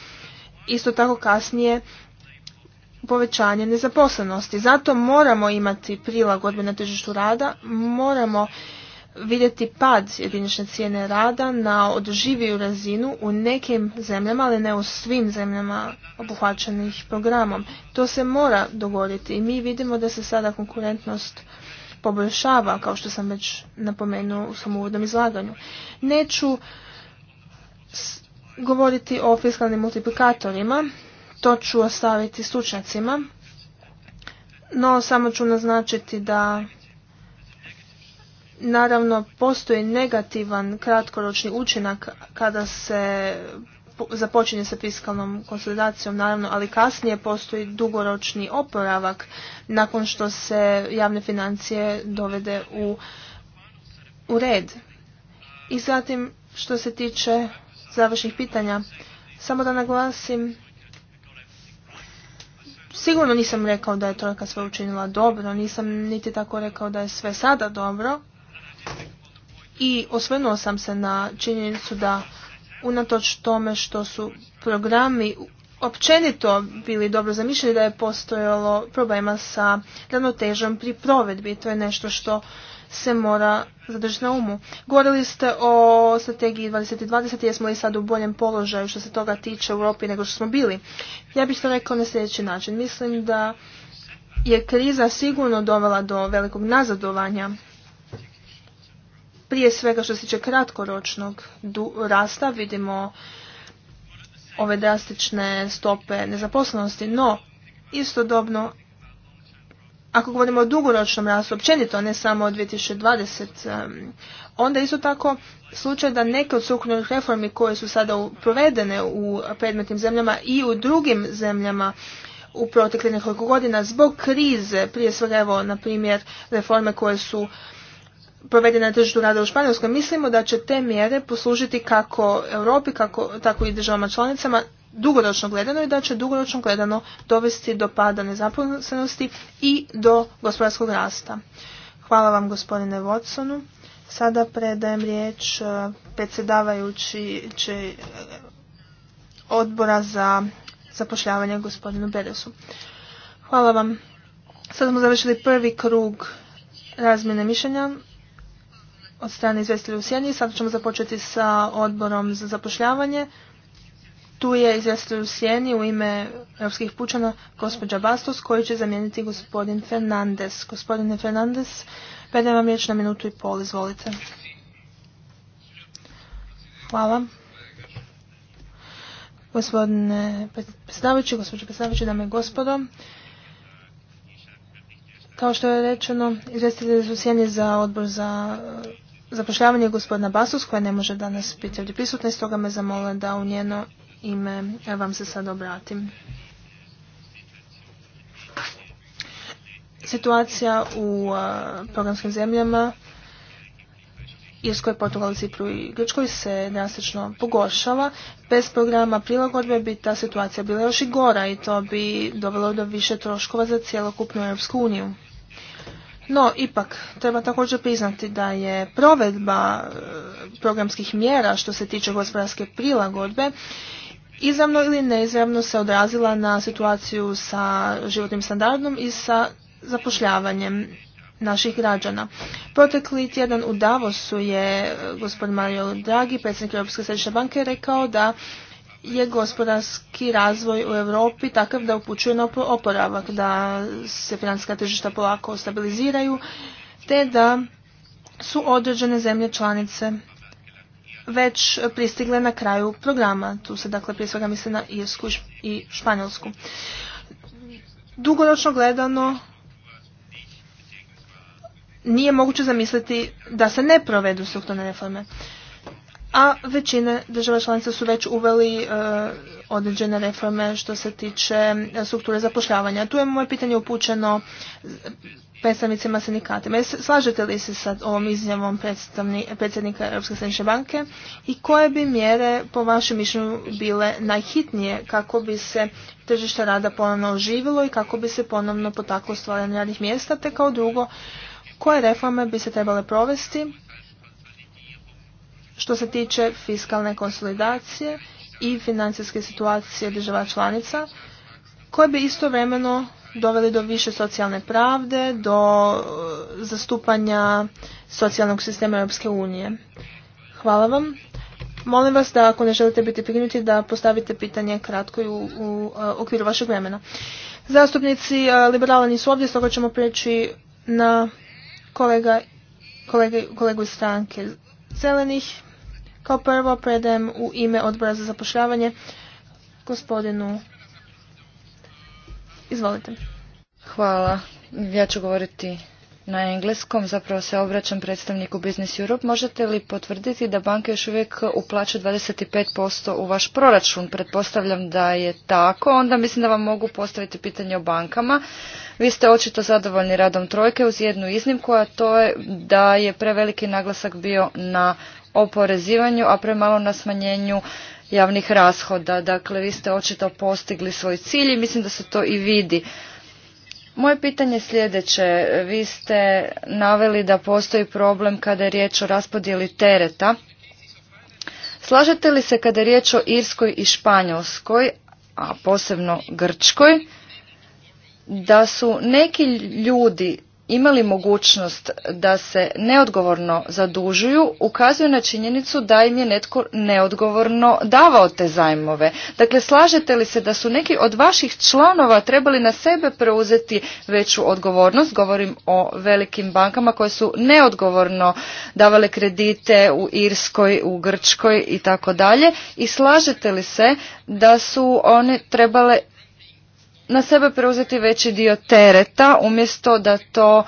A: isto tako kasnije povećanje nezaposlenosti. Zato moramo imati prilagodbe na tržištu rada, moramo vidjeti pad jedinične cijene rada na održiviju razinu u nekim zemljama, ali ne u svim zemljama obuhvaćenih programom. To se mora dogoditi i mi vidimo da se sada konkurentnost poboljšava, kao što sam već napomenuo u svom uvodnom izlaganju. Neću govoriti o fiskalnim multiplikatorima, to ću ostaviti stručnjacima, no samo ću naznačiti da naravno postoji negativan kratkoročni učinak kada se započinje sa fiskalnom konsolidacijom naravno, ali kasnije postoji dugoročni oporavak nakon što se javne financije dovede u, u red. I zatim što se tiče završnih pitanja, samo da naglasim Sigurno nisam rekao da je trojka sve učinila dobro, nisam niti tako rekao da je sve sada dobro. I osvrnuo sam se na činjenicu da unatoč tome što su programi općenito bili dobro zamišljeni da je postojalo problema sa ravnotežom pri provedbi. To je nešto što se mora zadržati na umu. Govorili ste o strategiji 2020 jesmo li sad u boljem položaju što se toga tiče u Europi nego što smo bili. Ja bih to rekao na sljedeći način. Mislim da je kriza sigurno dovela do velikog nazadovanja prije svega što se tiče kratkoročnog rasta vidimo ove drastične stope nezaposlenosti, no istodobno ako govorimo o dugoročnom rastu, općenito ne samo od 2020, onda isto tako slučaj da neke od strukturnih reformi koje su sada provedene u predmetnim zemljama i u drugim zemljama u proteklih nekoliko godina zbog krize, prije svega evo na primjer reforme koje su provedena na tržištu rada u Španjolskoj, mislimo da će te mjere poslužiti kako Europi, kako, tako i državama članicama dugoročno gledano i da će dugoročno gledano dovesti do pada nezaposlenosti i do gospodarskog rasta. Hvala vam gospodine Watsonu. Sada predajem riječ eh, predsjedavajući eh, odbora za zapošljavanje gospodinu Beresu. Hvala vam. Sada smo završili prvi krug razmjene mišljenja od strane izvjestitelja u Sjeni. Sada ćemo započeti sa odborom za zapošljavanje. Tu je izvjestitelj u Sjeni u ime europskih pučana gospođa Bastos koji će zamijeniti gospodin Fernandez. Gospodine Fernandez, predajem vam riječ na minutu i pol, izvolite. Hvala. Gospodine predsjedavajući, gospođo dame i gospodo, kao što je rečeno, izvjestitelji su sjeni za odbor za zapošljavanje gospodina Basus koja ne može danas biti ovdje prisutna i stoga me zamole da u njeno ime e, vam se sad obratim. Situacija u programskim zemljama Irskoj, Portugalu, Cipru i Grčkoj se drastično pogoršava. Bez programa prilagodbe bi ta situacija bila još i gora i to bi dovelo do više troškova za cjelokupnu Europsku uniju. No, ipak, treba također priznati da je provedba e, programskih mjera što se tiče gospodarske prilagodbe izravno ili neizravno se odrazila na situaciju sa životnim standardom i sa zapošljavanjem naših građana. Protekli tjedan u Davosu je e, gospodin Mario Draghi, predsjednik Europske središnje banke, rekao da je gospodarski razvoj u Europi takav da upućuje na oporavak, da se financijska tržišta polako stabiliziraju, te da su određene zemlje članice već pristigle na kraju programa. Tu se dakle prije svega misle na Irsku i Španjolsku. Dugoročno gledano nije moguće zamisliti da se ne provedu strukturne reforme a većine država članica su već uveli e, određene reforme što se tiče e, strukture zapošljavanja. Tu je moje pitanje upućeno predstavnicima sindikatima. Slažete li se sa ovom izjavom predsjednika Europske središnje banke i koje bi mjere po vašem mišljenju bile najhitnije kako bi se tržište rada ponovno oživilo i kako bi se ponovno potaklo stvaranje radnih mjesta te kao drugo koje reforme bi se trebale provesti što se tiče fiskalne konsolidacije i financijske situacije država članica, koje bi istovremeno doveli do više socijalne pravde, do e, zastupanja socijalnog sistema Europske unije. Hvala vam. Molim vas da ako ne želite biti prinuti, da postavite pitanje kratko u, e, okviru vašeg vremena. Zastupnici e, liberala nisu ovdje, stoga ćemo preći na kolega, kolegu iz stranke zelenih. Kao prvo predajem u
B: ime odbora za zapošljavanje gospodinu. Izvolite. Hvala. Ja ću govoriti na engleskom, zapravo se obraćam predstavniku Business Europe. Možete li potvrditi da banke još uvijek uplaćuju 25% u vaš proračun? Pretpostavljam da je tako. Onda mislim da vam mogu postaviti pitanje o bankama. Vi ste očito zadovoljni radom trojke uz jednu iznimku, a to je da je preveliki naglasak bio na oporezivanju, a premalo na smanjenju javnih rashoda. Dakle, vi ste očito postigli svoj cilj i mislim da se to i vidi. Moje pitanje je sljedeće. Vi ste naveli da postoji problem kada je riječ o raspodjeli tereta. Slažete li se kada je riječ o Irskoj i Španjolskoj, a posebno Grčkoj, da su neki ljudi imali mogućnost da se neodgovorno zadužuju ukazuju na činjenicu da im je netko neodgovorno davao te zajmove. Dakle, slažete li se da su neki od vaših članova trebali na sebe preuzeti veću odgovornost? Govorim o velikim bankama koje su neodgovorno davale kredite u Irskoj, u Grčkoj i tako dalje. I slažete li se da su one trebale na sebe preuzeti veći dio tereta umjesto da to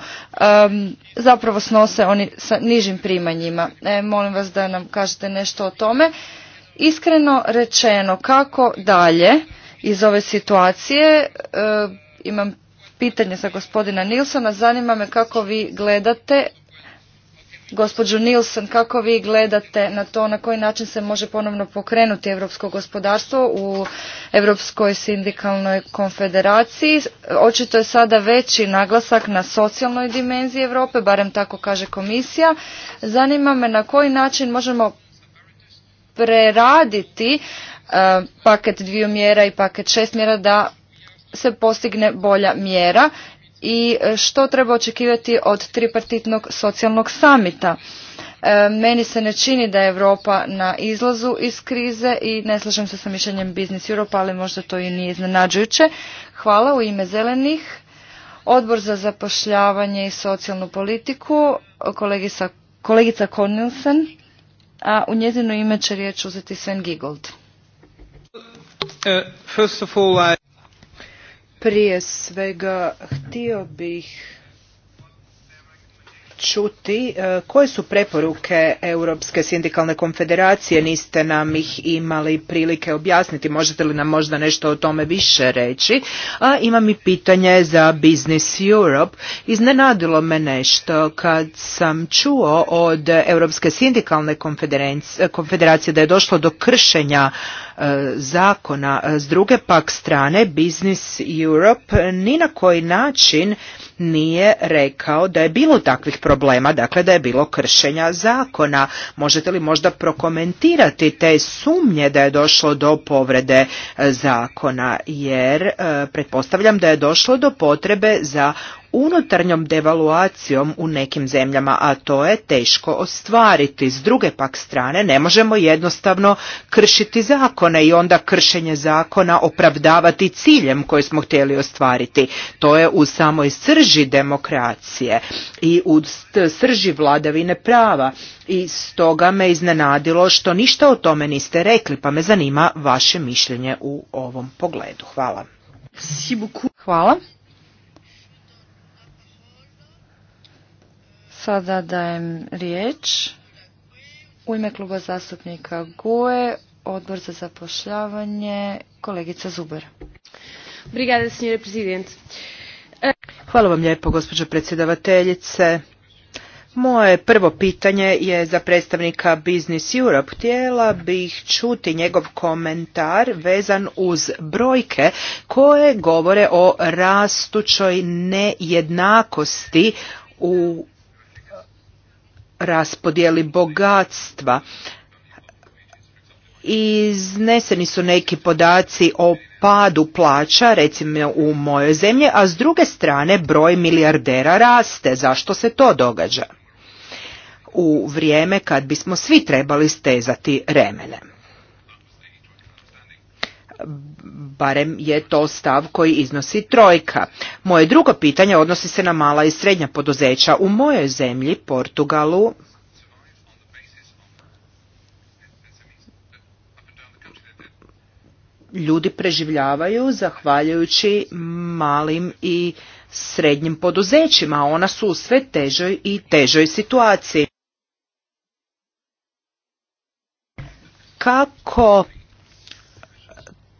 B: zapravo snose oni sa nižim primanjima. E, molim vas da nam kažete nešto o tome. Iskreno rečeno kako dalje iz ove situacije e, imam pitanje za gospodina Nilsona, zanima me kako vi gledate gospođu Nilsen, kako vi gledate na to na koji način se može ponovno pokrenuti europsko gospodarstvo u Europskoj sindikalnoj konfederaciji? Očito je sada veći naglasak na socijalnoj dimenziji Europe, barem tako kaže komisija. Zanima me na koji način možemo preraditi e, paket dviju mjera i paket šest mjera da se postigne bolja mjera i e, što treba očekivati od tripartitnog socijalnog samita. E, meni se ne čini da je Europa na izlazu iz krize i ne slažem se sa mišljenjem Business Europe, ali možda to i nije iznenađujuće. Hvala u ime zelenih. Odbor za zapošljavanje i socijalnu politiku, kolegica, kolegica a u njezinu ime će riječ uzeti Sven uh,
C: I... Prije svega htio bih čuti e, koje su preporuke Europske sindikalne konfederacije, niste nam ih imali prilike objasniti, možete li nam možda nešto o tome više reći. A imam i pitanje za Business Europe. Iznenadilo me nešto kad sam čuo od Europske sindikalne konfederacije da je došlo do kršenja E, zakona. E, s druge pak strane, Business Europe ni na koji način nije rekao da je bilo takvih problema, dakle da je bilo kršenja zakona. Možete li možda prokomentirati te sumnje da je došlo do povrede e, zakona, jer pretpostavljam da je došlo do potrebe za unutarnjom devaluacijom u nekim zemljama, a to je teško ostvariti. S druge pak strane ne možemo jednostavno kršiti zakone i onda kršenje zakona opravdavati ciljem koji smo htjeli ostvariti. To je u samoj srži demokracije i u srži vladavine prava i stoga me iznenadilo što ništa o tome niste rekli, pa me zanima vaše mišljenje u ovom pogledu. Hvala.
B: Hvala. Sada dajem riječ u ime kluba zastupnika GUE, odbor za zapošljavanje, kolegica Zuber. Brigada, senjore prezident.
C: E, Hvala vam lijepo, gospođo predsjedavateljice. Moje prvo pitanje je za predstavnika Business Europe. Htjela bih čuti njegov komentar vezan uz brojke koje govore o rastućoj nejednakosti u raspodjeli bogatstva. Izneseni su neki podaci o padu plaća, recimo u mojoj zemlji, a s druge strane broj milijardera raste. Zašto se to događa? U vrijeme kad bismo svi trebali stezati remenem? barem je to stav koji iznosi trojka. Moje drugo pitanje odnosi se na mala i srednja poduzeća. U mojoj zemlji, Portugalu, ljudi preživljavaju zahvaljujući malim i srednjim poduzećima. Ona su u sve težoj i težoj situaciji. Kako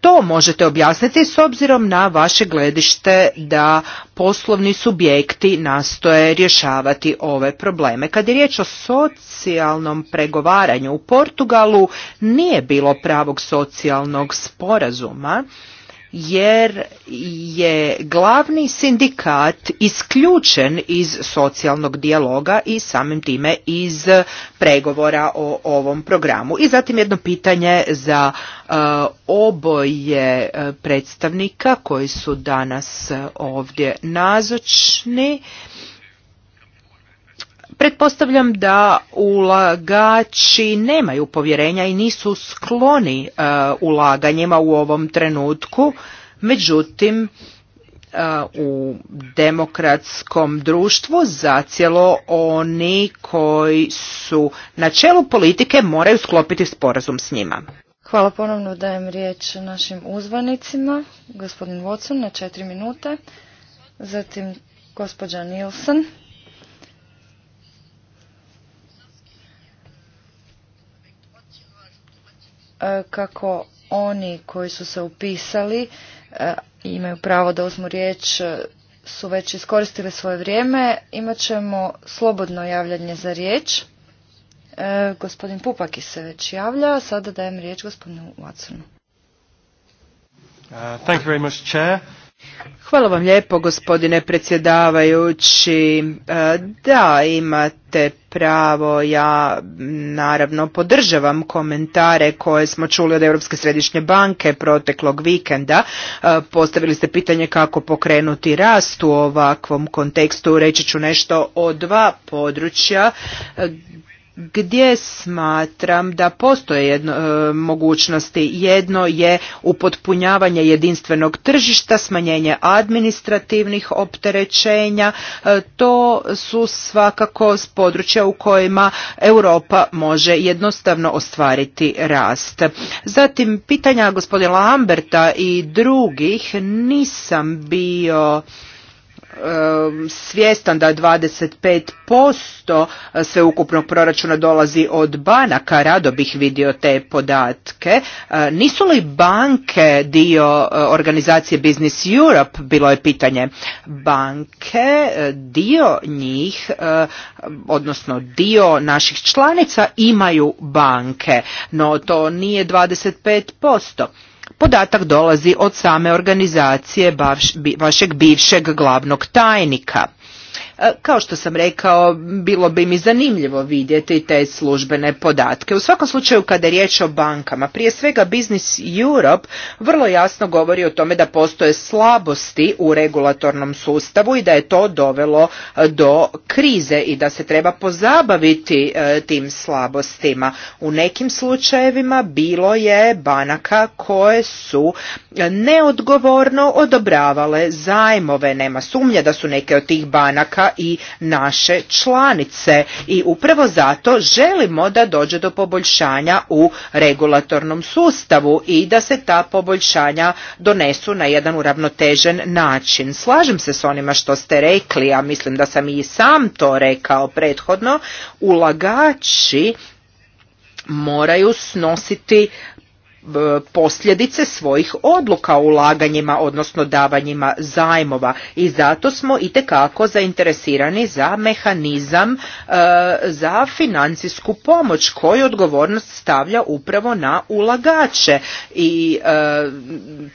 C: to možete objasniti s obzirom na vaše gledište da poslovni subjekti nastoje rješavati ove probleme. Kad je riječ o socijalnom pregovaranju u Portugalu nije bilo pravog socijalnog sporazuma jer je glavni sindikat isključen iz socijalnog dijaloga i samim time iz pregovora o ovom programu. I zatim jedno pitanje za e, oboje e, predstavnika koji su danas e, ovdje nazočni. Pretpostavljam da ulagači nemaju povjerenja i nisu skloni e, ulaganjima u ovom trenutku, međutim e, u demokratskom društvu zacijelo oni koji su na čelu politike moraju sklopiti sporazum s njima.
B: Hvala ponovno dajem riječ našim uzvanicima, gospodin Watson na četiri minute, zatim gospođa Nilsen E, kako oni koji su se upisali i e, imaju pravo da uzmu riječ e, su već iskoristili svoje vrijeme. Imat ćemo slobodno javljanje za riječ. gospodin Pupaki se već javlja. Sada dajem riječ gospodinu Watsonu. Uh, thank you very much, Chair. Hvala
C: vam lijepo gospodine predsjedavajući. E, da, imate pravo, ja naravno podržavam komentare koje smo čuli od Europske središnje banke proteklog vikenda. E, postavili ste pitanje kako pokrenuti rast u ovakvom kontekstu. Reći ću nešto o dva područja gdje smatram da postoje jedno, e, mogućnosti. Jedno je upotpunjavanje jedinstvenog tržišta, smanjenje administrativnih opterećenja. E, to su svakako s područja u kojima Europa može jednostavno ostvariti rast. Zatim pitanja gospodina Lamberta i drugih nisam bio svjestan da 25% sveukupnog proračuna dolazi od banaka, rado bih vidio te podatke. Nisu li banke dio e, organizacije Business Europe, bilo je pitanje. Banke, e, dio njih, e, odnosno dio naših članica imaju banke, no to nije 25%. Podatak dolazi od same organizacije vašeg bivšeg glavnog tajnika. E, kao što sam rekao, bilo bi mi zanimljivo vidjeti te službene podatke. U svakom slučaju kada je riječ o bankama, prije svega Business Europe vrlo jasno govori o tome da postoje slabosti u regulatornom sustavu i da je to dovelo e, do krize i da se treba pozabaviti e, tim slabostima. U nekim slučajevima bilo je banaka koje su neodgovorno odobravale zajmove. Nema sumnje da su neke od tih banaka i naše članice i upravo zato želimo da dođe do poboljšanja u regulatornom sustavu i da se ta poboljšanja donesu na jedan uravnotežen način. Slažem se s onima što ste rekli, a mislim da sam i sam to rekao prethodno, ulagači moraju snositi E, posljedice svojih odluka o ulaganjima, odnosno davanjima zajmova. I zato smo i tekako zainteresirani za mehanizam e, za financijsku pomoć koju odgovornost stavlja upravo na ulagače i e,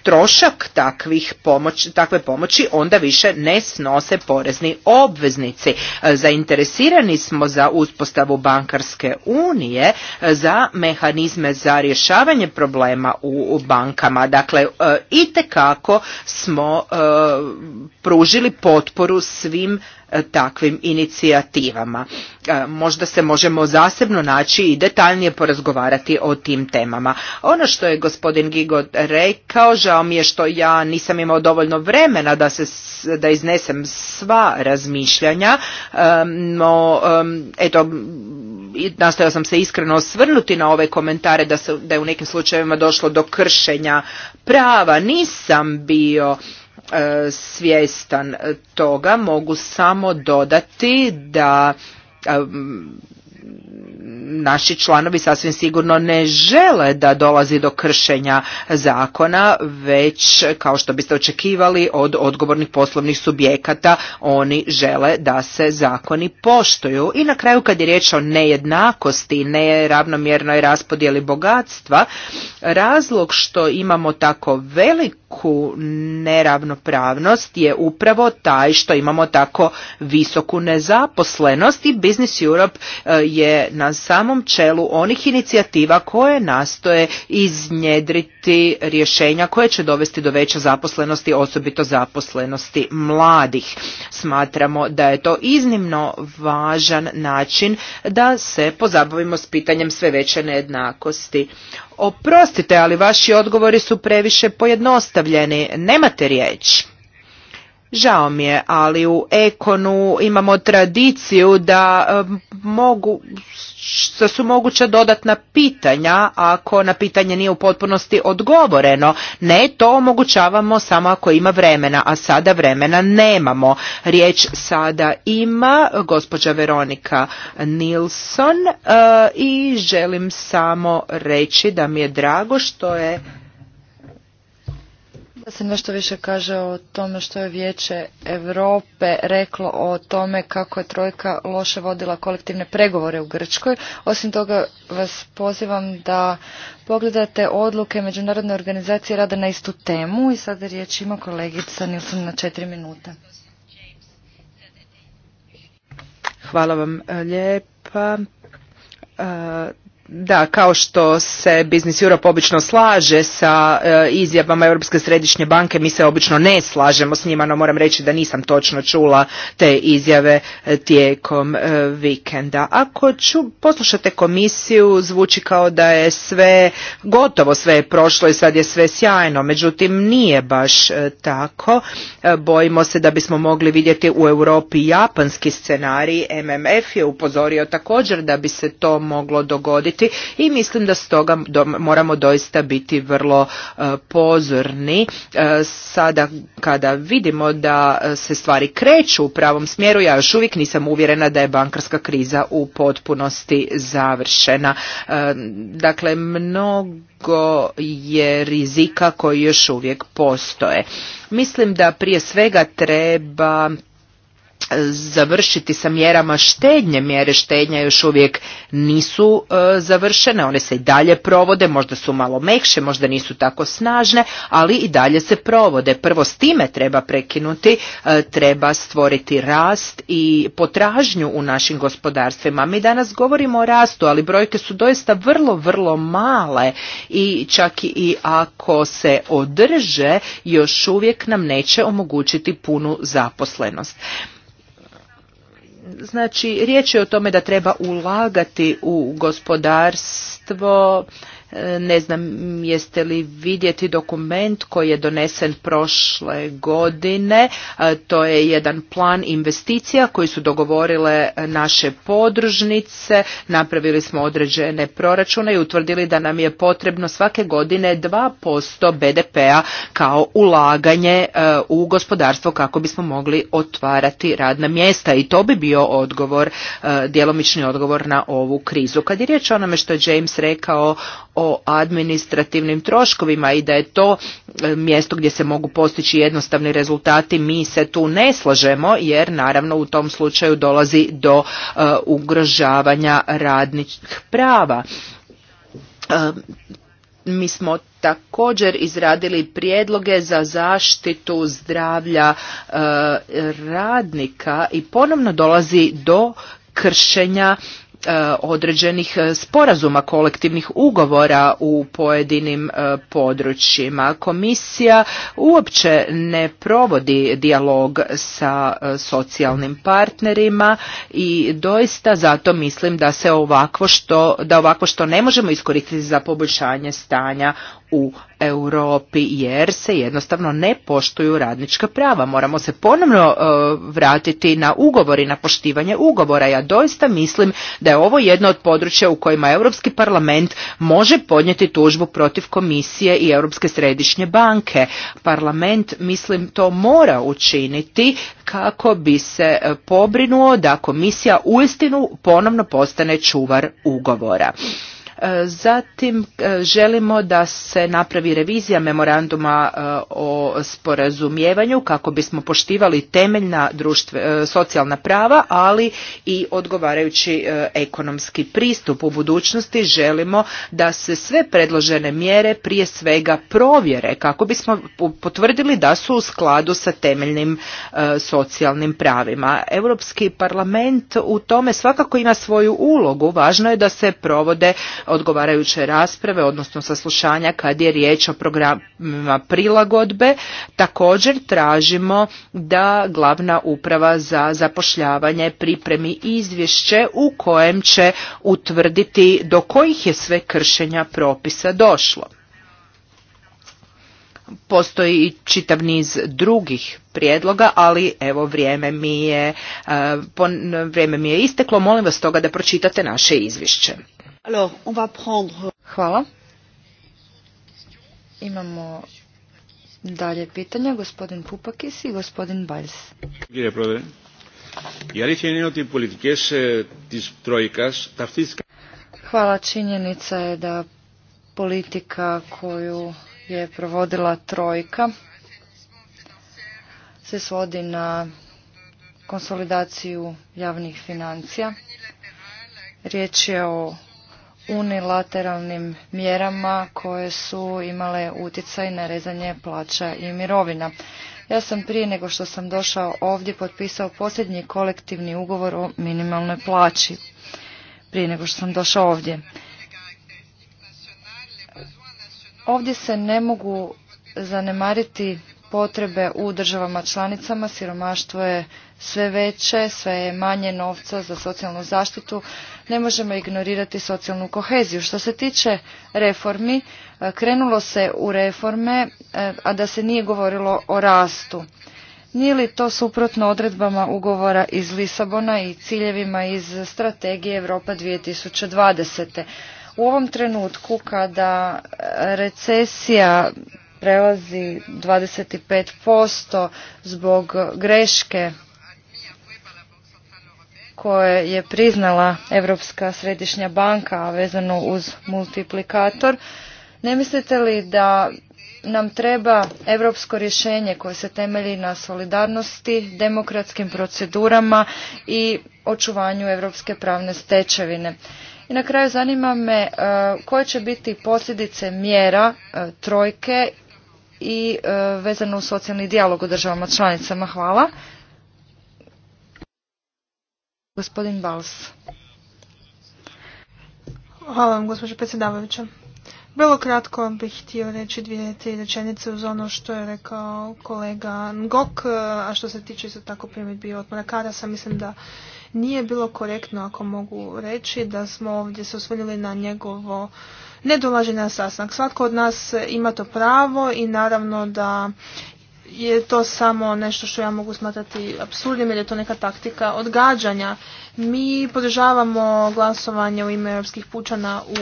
C: trošak takvih pomoć, takve pomoći onda više ne snose porezni obveznici. zainteresirani smo za uspostavu bankarske unije, za mehanizme za rješavanje problema problema u bankama. Dakle, e, itekako smo e, pružili potporu svim takvim inicijativama. E, možda se možemo zasebno naći i detaljnije porazgovarati o tim temama. Ono što je gospodin Gigot rekao, žao mi je što ja nisam imao dovoljno vremena da, se, da iznesem sva razmišljanja, no eto, nastojao sam se iskreno osvrnuti na ove komentare da, se, da je u nekim slučajevima došlo do kršenja prava. Nisam bio E, svjestan toga mogu samo dodati da e, naši članovi sasvim sigurno ne žele da dolazi do kršenja zakona, već kao što biste očekivali od odgovornih poslovnih subjekata, oni žele da se zakoni poštuju. I na kraju kad je riječ o nejednakosti, neravnomjernoj raspodjeli bogatstva, razlog što imamo tako veliku neravnopravnost je upravo taj što imamo tako visoku nezaposlenost i Business Europe eh, je nas samom čelu onih inicijativa koje nastoje iznjedriti rješenja koje će dovesti do veće zaposlenosti, osobito zaposlenosti mladih. Smatramo da je to iznimno važan način da se pozabavimo s pitanjem sve veće nejednakosti. Oprostite, ali vaši odgovori su previše pojednostavljeni. Nemate riječ. Žao mi je, ali u Ekonu imamo tradiciju da mogu što su moguća dodatna pitanja ako na pitanje nije u potpunosti odgovoreno. Ne, to omogućavamo samo ako ima vremena, a sada vremena nemamo. Riječ sada ima gospođa Veronika Nilsson e, i želim samo reći da mi je drago što je
B: da se nešto više kaže o tome što je Vijeće Europe reklo o tome kako je Trojka loše vodila kolektivne pregovore u Grčkoj. Osim toga vas pozivam da pogledate odluke Međunarodne organizacije rada na istu temu i sada riječ ima kolegica Nilsson na četiri minute.
C: Hvala vam lijepa da, kao što se Business Europe obično slaže sa e, izjavama Europske središnje banke, mi se obično ne slažemo s njima, no moram reći da nisam točno čula te izjave e, tijekom e, vikenda. Ako ću, poslušate komisiju, zvuči kao da je sve gotovo, sve je prošlo i sad je sve sjajno, međutim nije baš tako. Bojimo se da bismo mogli vidjeti u Europi japanski scenarij, MMF je upozorio također da bi se to moglo dogoditi i mislim da stoga moramo doista biti vrlo e, pozorni e, sada kada vidimo da e, se stvari kreću u pravom smjeru ja još uvijek nisam uvjerena da je bankarska kriza u potpunosti završena dakle mnogo je rizika koji još uvijek postoje mislim da prije svega treba završiti sa mjerama štednje. Mjere štednja još uvijek nisu e, završene, one se i dalje provode, možda su malo mekše, možda nisu tako snažne, ali i dalje se provode. Prvo s time treba prekinuti, e, treba stvoriti rast i potražnju u našim gospodarstvima. Mi danas govorimo o rastu, ali brojke su doista vrlo, vrlo male i čak i ako se održe, još uvijek nam neće omogućiti punu zaposlenost. Znači, riječ je o tome da treba ulagati u gospodarstvo, E, ne znam jeste li vidjeti dokument koji je donesen prošle godine. E, to je jedan plan investicija koji su dogovorile naše podružnice. Napravili smo određene proračune i utvrdili da nam je potrebno svake godine 2% BDP-a kao ulaganje e, u gospodarstvo kako bismo mogli otvarati radna mjesta i to bi bio odgovor, djelomični odgovor na ovu krizu. Kad je riječ o onome što je James rekao o administrativnim troškovima i da je to e, mjesto gdje se mogu postići jednostavni rezultati, mi se tu ne slažemo jer naravno u tom slučaju dolazi do e, ugrožavanja radničkih prava. E, mi smo također izradili prijedloge za zaštitu zdravlja radnika i ponovno dolazi do kršenja E, određenih e, sporazuma kolektivnih ugovora u pojedinim e, područjima. Komisija uopće ne provodi dijalog sa socijalnim partnerima i doista zato mislim da se ovako što, da ovakvo što ne možemo iskoristiti za poboljšanje stanja u Europi jer se jednostavno ne poštuju radnička prava. Moramo se ponovno e, vratiti na ugovor i na poštivanje ugovora. Ja doista mislim da je ovo jedno od područja u kojima Europski parlament može podnijeti tužbu protiv komisije i Europske središnje banke. Parlament mislim to mora učiniti kako bi se e, pobrinuo da komisija uistinu ponovno postane čuvar ugovora. E, zatim e, želimo da se napravi revizija memoranduma e, o sporazumijevanju kako bismo poštivali temeljna društve, socijalna prava, ali i odgovarajući ekonomski pristup u budućnosti želimo da se sve predložene mjere prije svega provjere kako bismo potvrdili da su u skladu sa temeljnim socijalnim pravima. Europski parlament u tome svakako ima svoju ulogu. Važno je da se provode odgovarajuće rasprave, odnosno saslušanja kad je riječ o programima prilagodbe. Također tražimo da glavna uprava za zapošljavanje pripremi izvješće u kojem će utvrditi do kojih je sve kršenja propisa došlo. Postoji i čitav niz drugih prijedloga, ali evo vrijeme mi je, vrijeme mi je isteklo. Molim vas toga da pročitate naše izvješće.
B: Alors, on Hvala. Imamo dalje pitanja. Gospodin Pupakis i gospodin bajs Hvala. Činjenica je da politika koju je provodila Trojka se svodi na konsolidaciju javnih financija. Riječ je o unilateralnim mjerama koje su imale utjecaj na rezanje plaća i mirovina. Ja sam prije nego što sam došao ovdje potpisao posljednji kolektivni ugovor o minimalnoj plaći. Prije nego što sam došao ovdje. Ovdje se ne mogu zanemariti potrebe u državama članicama. Siromaštvo je sve veće, sve je manje novca za socijalnu zaštitu ne možemo ignorirati socijalnu koheziju. Što se tiče reformi, e, krenulo se u reforme, e, a da se nije govorilo o rastu. Nije li to suprotno odredbama ugovora iz Lisabona i ciljevima iz strategije Europa 2020. U ovom trenutku kada recesija prelazi 25% zbog greške koje je priznala Europska središnja banka vezano uz multiplikator. Ne mislite li da nam treba europsko rješenje koje se temelji na solidarnosti, demokratskim procedurama i očuvanju europske pravne stečevine? I na kraju zanima me e, koje će biti posljedice mjera e, trojke i e, vezano u socijalni dijalog u državama članicama. Hvala. Gospodin
A: Hvala vam, gospođo predsjedavajuća. Vrlo kratko bih htio reći dvije, tri rečenice uz ono što je rekao kolega Ngok, a što se tiče isto tako primjedbi od Karasa, mislim da nije bilo korektno, ako mogu reći, da smo ovdje se osvrnili na njegovo nedolaženje na sastanak. Svatko od nas ima to pravo i naravno da je to samo nešto što ja mogu smatrati absurdnim ili je to neka taktika odgađanja. Mi podržavamo glasovanje u ime europskih pučana u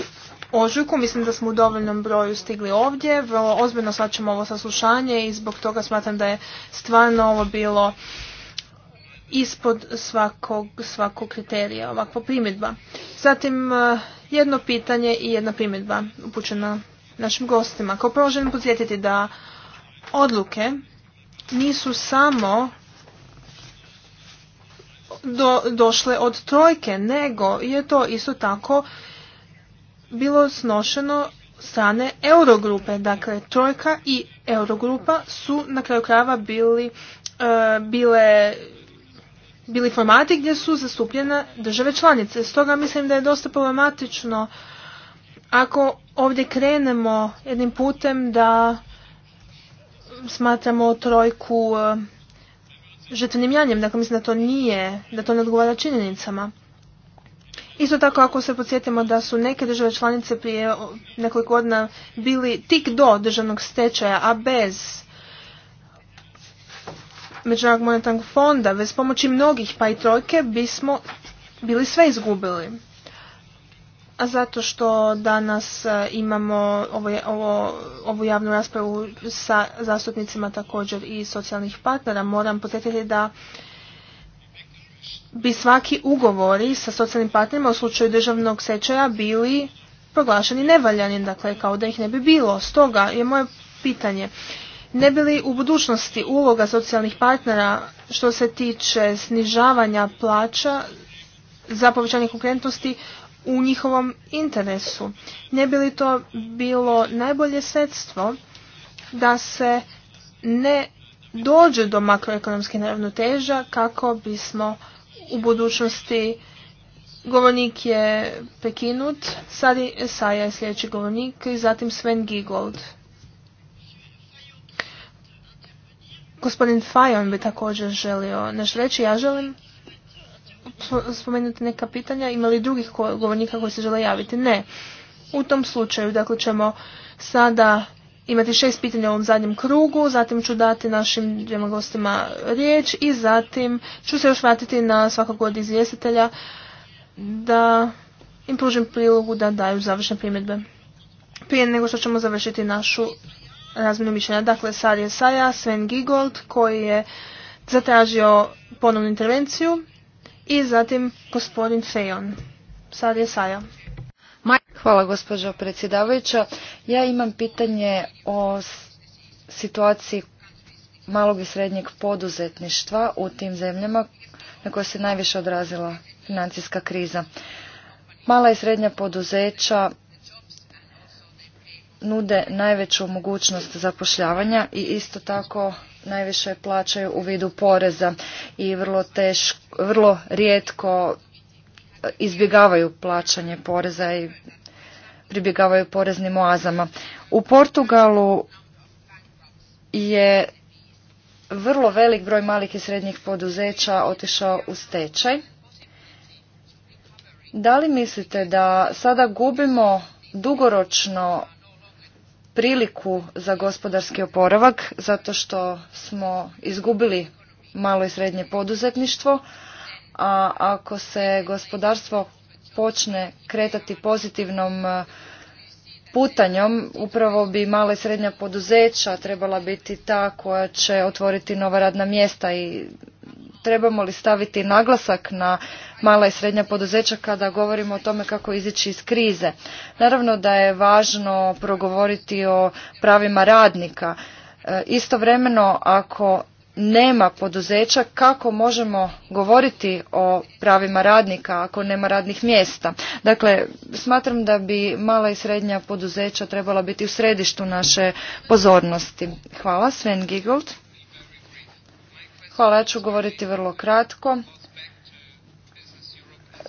A: ožujku. Mislim da smo u dovoljnom broju stigli ovdje. Vrlo ozbiljno shvaćamo ovo saslušanje i zbog toga smatram da je stvarno ovo bilo ispod svakog, svakog kriterija, ovakva primjedba. Zatim eh, jedno pitanje i jedna primjedba upućena našim gostima. Kao prvo želim podsjetiti da odluke nisu samo do, došle od trojke, nego je to isto tako bilo snošeno strane Eurogrupe. Dakle, trojka i Eurogrupa su na kraju krajeva bili, e, bile bili formati gdje su zastupljene države članice. Stoga mislim da je dosta problematično ako ovdje krenemo jednim putem da smatramo trojku e, žetvenim janjem. Dakle, mislim da to nije, da to ne odgovara činjenicama. Isto tako ako se podsjetimo da su neke države članice prije nekoliko godina bili tik do državnog stečaja, a bez Međunarodnog monetarnog fonda, bez pomoći mnogih pa i trojke, bismo bili sve izgubili. A zato što danas e, imamo ovo, ovo, ovu javnu raspravu sa zastupnicima također i socijalnih partnera, moram podsjetiti da bi svaki ugovori sa socijalnim partnerima u slučaju državnog sečaja bili proglašeni nevaljanim, dakle kao da ih ne bi bilo. Stoga je moje pitanje, ne bi li u budućnosti uloga socijalnih partnera što se tiče snižavanja plaća za povećanje konkurentnosti u njihovom interesu. Ne bi li to bilo najbolje sredstvo da se ne dođe do makroekonomskih neravnoteža kako bismo u budućnosti govornik je pekinut, sad Saja je sljedeći govornik i zatim Sven Gigold. Gospodin Fajon bi također želio nešto reći, ja želim spomenuti neka pitanja, ima li drugih govornika koji se žele javiti? Ne. U tom slučaju, dakle, ćemo sada imati šest pitanja u ovom zadnjem krugu, zatim ću dati našim dvijema gostima riječ i zatim ću se još vratiti na svakog od izvjestitelja da im pružim prilogu da daju završne primjedbe. Prije nego što ćemo završiti našu razmjenu mišljenja. Dakle, Sarje Saja, Sven Gigold, koji je zatražio ponovnu intervenciju i zatim gospodin Fejon.
B: Sad je Saja. Hvala gospođo predsjedavajuća. Ja imam pitanje o situaciji malog i srednjeg poduzetništva u tim zemljama na koje se najviše odrazila financijska kriza. Mala i srednja poduzeća nude najveću mogućnost zapošljavanja i isto tako najviše plaćaju u vidu poreza i vrlo, teško, vrlo rijetko izbjegavaju plaćanje poreza i pribjegavaju poreznim oazama. U Portugalu je vrlo velik broj malih i srednjih poduzeća otišao u stečaj. Da li mislite da sada gubimo dugoročno priliku za gospodarski oporavak zato što smo izgubili malo i srednje poduzetništvo, a ako se gospodarstvo počne kretati pozitivnom e, putanjom, upravo bi mala i srednja poduzeća trebala biti ta koja će otvoriti nova radna mjesta i trebamo li staviti naglasak na mala i srednja poduzeća kada govorimo o tome kako izići iz krize. Naravno da je važno progovoriti o pravima radnika. E, istovremeno ako nema poduzeća, kako možemo govoriti o pravima radnika ako nema radnih mjesta. Dakle, smatram da bi mala i srednja poduzeća trebala biti u središtu naše pozornosti. Hvala, Sven Gigold. Hvala, ja ću govoriti vrlo kratko.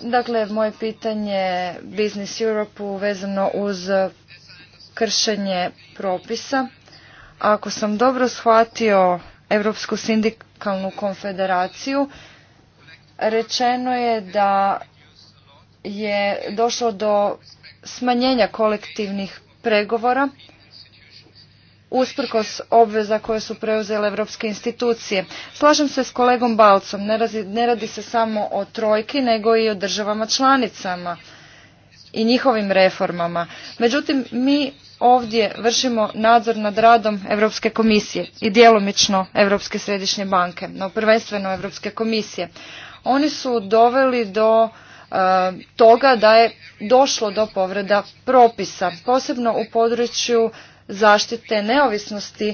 B: Dakle, moje pitanje Business Europe vezano uz kršenje propisa. Ako sam dobro shvatio Europsku sindikalnu konfederaciju, rečeno je da je došlo do smanjenja kolektivnih pregovora usprkos obveza koje su preuzele evropske institucije. Slažem se s kolegom Balcom, ne, radi se samo o trojki, nego i o državama članicama i njihovim reformama. Međutim, mi ovdje vršimo nadzor nad radom Europske komisije i djelomično Europske središnje banke, no prvenstveno Europske komisije. Oni su doveli do e, toga da je došlo do povreda propisa, posebno u području zaštite neovisnosti e,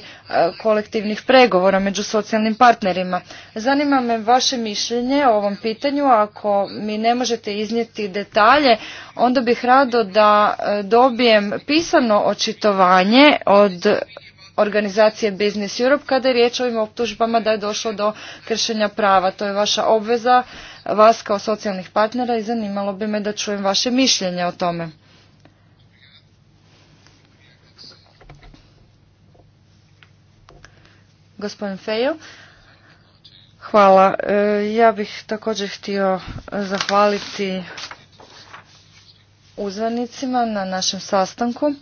B: kolektivnih pregovora među socijalnim partnerima. Zanima me vaše mišljenje o ovom pitanju. Ako mi ne možete iznijeti detalje, onda bih rado da e, dobijem pisano očitovanje od organizacije Business Europe kada je riječ o ovim optužbama da je došlo do kršenja prava. To je vaša obveza, vas kao socijalnih partnera i zanimalo bi me da čujem vaše mišljenje o tome. Gospodin Fejo. Hvala. E, ja bih također htio zahvaliti uzvanicima na našem sastanku.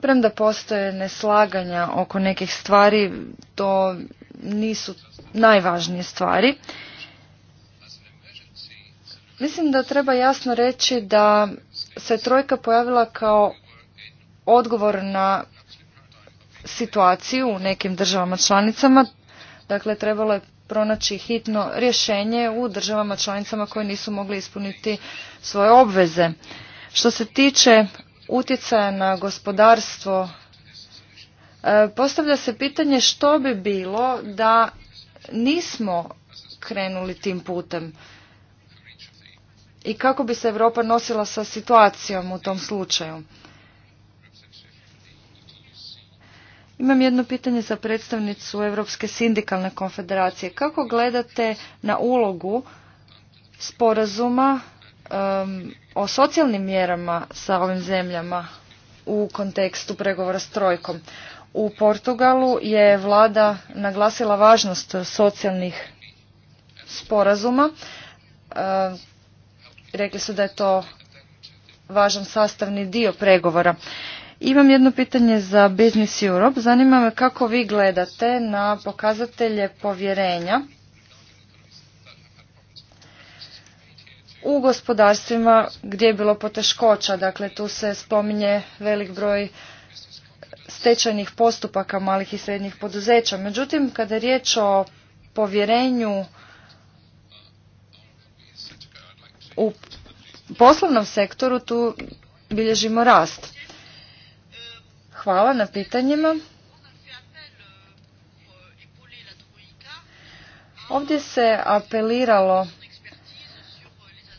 B: Premda postoje neslaganja oko nekih stvari, to nisu najvažnije stvari. Mislim da treba jasno reći da se trojka pojavila kao odgovor na situaciju u nekim državama članicama. Dakle, trebalo je pronaći hitno rješenje u državama članicama koje nisu mogli ispuniti svoje obveze. Što se tiče utjecaja na gospodarstvo, e, postavlja se pitanje što bi bilo da nismo krenuli tim putem i kako bi se Europa nosila sa situacijom u tom slučaju. Imam jedno pitanje za predstavnicu Europske sindikalne konfederacije. Kako gledate na ulogu sporazuma o socijalnim mjerama sa ovim zemljama u kontekstu pregovora s trojkom? U Portugalu je vlada naglasila važnost socijalnih sporazuma. rekli su da je to važan sastavni dio pregovora. Imam jedno pitanje za Business Europe. Zanima me kako vi gledate na pokazatelje povjerenja u gospodarstvima gdje je bilo poteškoća. Dakle, tu se spominje velik broj stečajnih postupaka malih i srednjih poduzeća. Međutim, kada je riječ o povjerenju u poslovnom sektoru, tu bilježimo rast. Hvala na pitanjima. Ovdje se apeliralo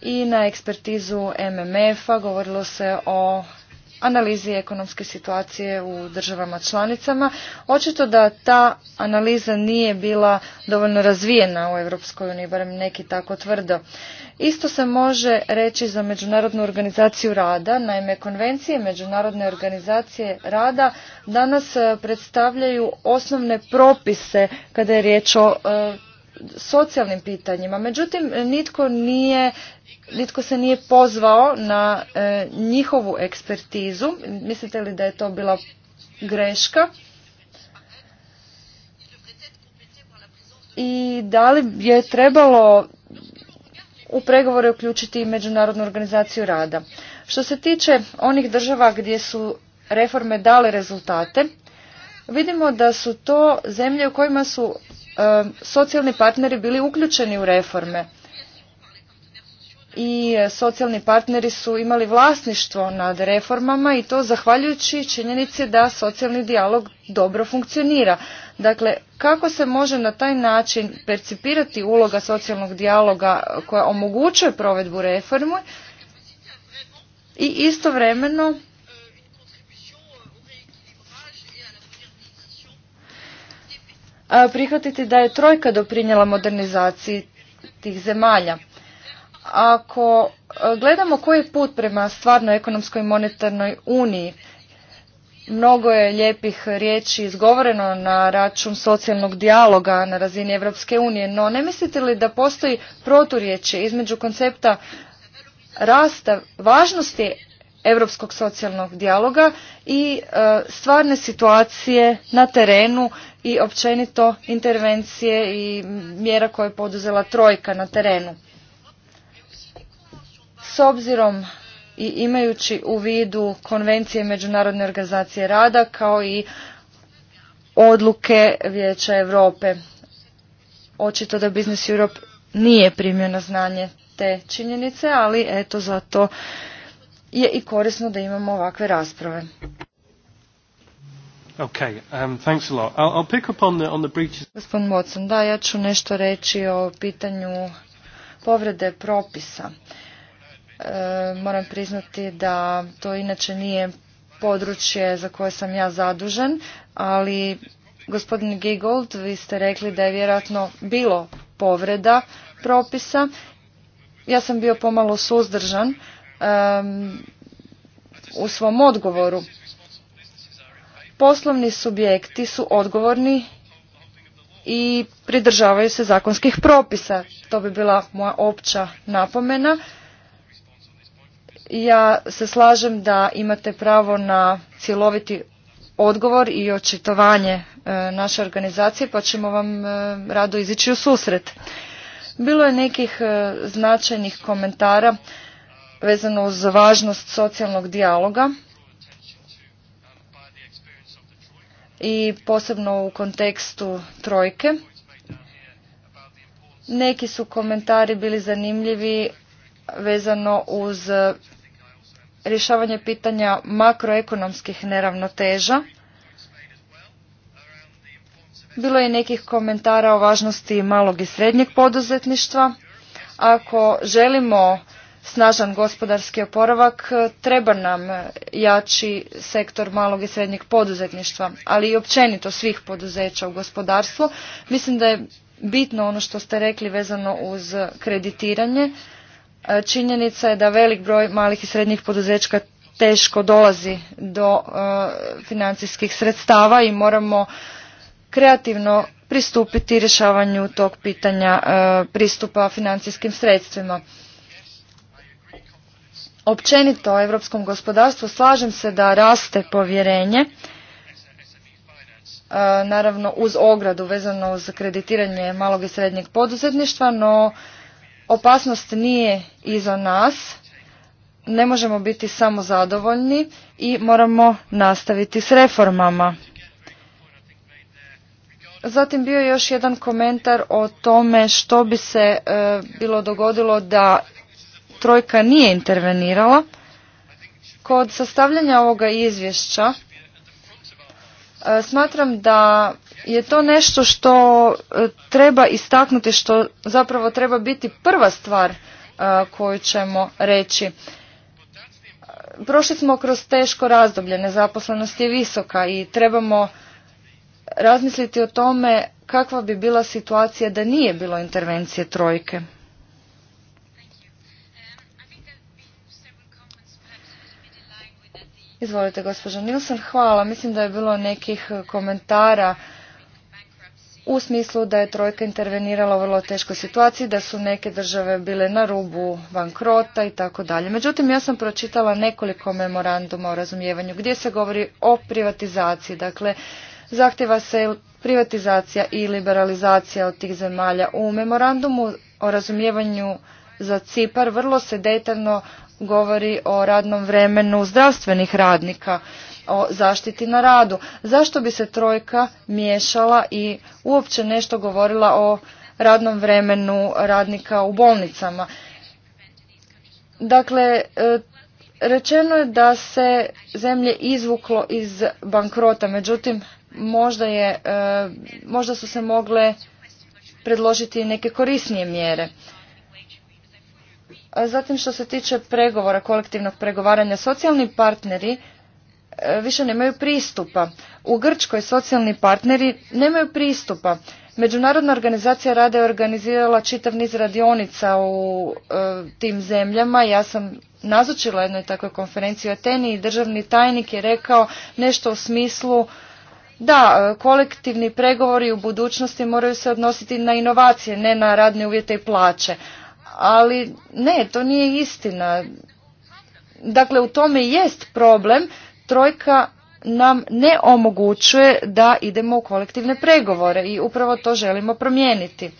B: i na ekspertizu MMF-a, govorilo se o analizi ekonomske situacije u državama članicama. Očito da ta analiza nije bila dovoljno razvijena u Europskoj uniji, barem neki tako tvrdo. Isto se može reći za Međunarodnu organizaciju rada. Naime, konvencije Međunarodne organizacije rada danas eh, predstavljaju osnovne propise kada je riječ o eh, socijalnim pitanjima. Međutim, nitko nije nitko se nije pozvao na e, njihovu ekspertizu. Mislite li da je to bila greška? I da li je trebalo u pregovore uključiti i Međunarodnu organizaciju rada? Što se tiče onih država gdje su reforme dale rezultate, vidimo da su to zemlje u kojima su Um, socijalni partneri bili uključeni u reforme i e, socijalni partneri su imali vlasništvo nad reformama i to zahvaljujući činjenici da socijalni dijalog dobro funkcionira. Dakle, kako se može na taj način percipirati uloga socijalnog dijaloga koja omogućuje provedbu reformu i istovremeno prihvatiti da je trojka doprinjela modernizaciji tih zemalja. Ako gledamo koji je put prema stvarno ekonomskoj i monetarnoj uniji, mnogo je lijepih riječi izgovoreno na račun socijalnog dijaloga na razini Europske unije, no ne mislite li da postoji proturječje između koncepta rasta važnosti europskog socijalnog dijaloga i e, stvarne situacije na terenu i općenito intervencije i mjera koje je poduzela trojka na terenu. S obzirom i imajući u vidu konvencije Međunarodne organizacije rada kao i odluke Vijeća Europe. Očito da Business Europe nije primio na znanje te činjenice, ali eto zato je i korisno da imamo ovakve rasprave.
A: Okay, um, thanks a lot. I'll, pick the, on the breaches.
B: Gospodin Watson, da, ja ću nešto reći o pitanju povrede propisa. E, moram priznati da to inače nije područje za koje sam ja zadužen, ali gospodin Gigold, vi ste rekli da je vjerojatno bilo povreda propisa. Ja sam bio pomalo suzdržan u svom odgovoru. Poslovni subjekti su odgovorni i pridržavaju se zakonskih propisa. To bi bila moja opća napomena. Ja se slažem da imate pravo na cjeloviti odgovor i očitovanje e, naše organizacije pa ćemo vam e, rado izići u susret. Bilo je nekih e, značajnih komentara vezano uz važnost socijalnog dijaloga i posebno u kontekstu trojke. Neki su komentari bili zanimljivi vezano uz rješavanje pitanja makroekonomskih neravnoteža. Bilo je nekih komentara o važnosti malog i srednjeg poduzetništva. Ako želimo snažan gospodarski oporavak, e, treba nam e, jači sektor malog i srednjeg poduzetništva, ali i općenito svih poduzeća u gospodarstvu. Mislim da je bitno ono što ste rekli vezano uz kreditiranje. E, činjenica je da velik broj malih i srednjih poduzeća teško dolazi do financijskih sredstava i moramo kreativno pristupiti rješavanju tog pitanja pristupa financijskim sredstvima općenito europskom gospodarstvu slažem se da raste povjerenje e, naravno uz ogradu vezano uz kreditiranje malog i srednjeg poduzetništva, no opasnost nije iza nas. Ne možemo biti samo zadovoljni i moramo nastaviti s reformama. Zatim bio je još jedan komentar o tome što bi se e, bilo dogodilo da trojka nije intervenirala. Kod sastavljanja ovoga izvješća e, smatram da je to nešto što e, treba istaknuti, što zapravo treba biti prva stvar e, koju ćemo reći. Prošli smo kroz teško razdoblje, nezaposlenost je visoka i trebamo razmisliti o tome kakva bi bila situacija da nije bilo intervencije trojke. Izvolite, gospođo Nilsson. Hvala. Mislim da je bilo nekih komentara u smislu da je Trojka intervenirala u vrlo teškoj situaciji, da su neke države bile na rubu bankrota i tako dalje. Međutim, ja sam pročitala nekoliko memoranduma o razumijevanju gdje se govori o privatizaciji. Dakle, zahtjeva se privatizacija i liberalizacija od tih zemalja. U memorandumu o razumijevanju za Cipar vrlo se detaljno govori o radnom vremenu zdravstvenih radnika, o zaštiti na radu. Zašto bi se trojka miješala i uopće nešto govorila o radnom vremenu radnika u bolnicama? Dakle, e, rečeno je da se zemlje izvuklo iz bankrota, međutim, možda, je, e, možda su se mogle predložiti neke korisnije mjere. Zatim što se tiče pregovora, kolektivnog pregovaranja, socijalni partneri e, više nemaju pristupa. U Grčkoj socijalni partneri nemaju pristupa. Međunarodna organizacija rada je organizirala čitav niz radionica u e, tim zemljama. Ja sam nazočila jednoj takvoj konferenciji u Ateni i državni tajnik je rekao nešto u smislu da, e, kolektivni pregovori u budućnosti moraju se odnositi na inovacije, ne na radne uvjete i plaće ali ne, to nije istina. Dakle, u tome jest problem. Trojka nam ne omogućuje da idemo u kolektivne pregovore i upravo to želimo promijeniti.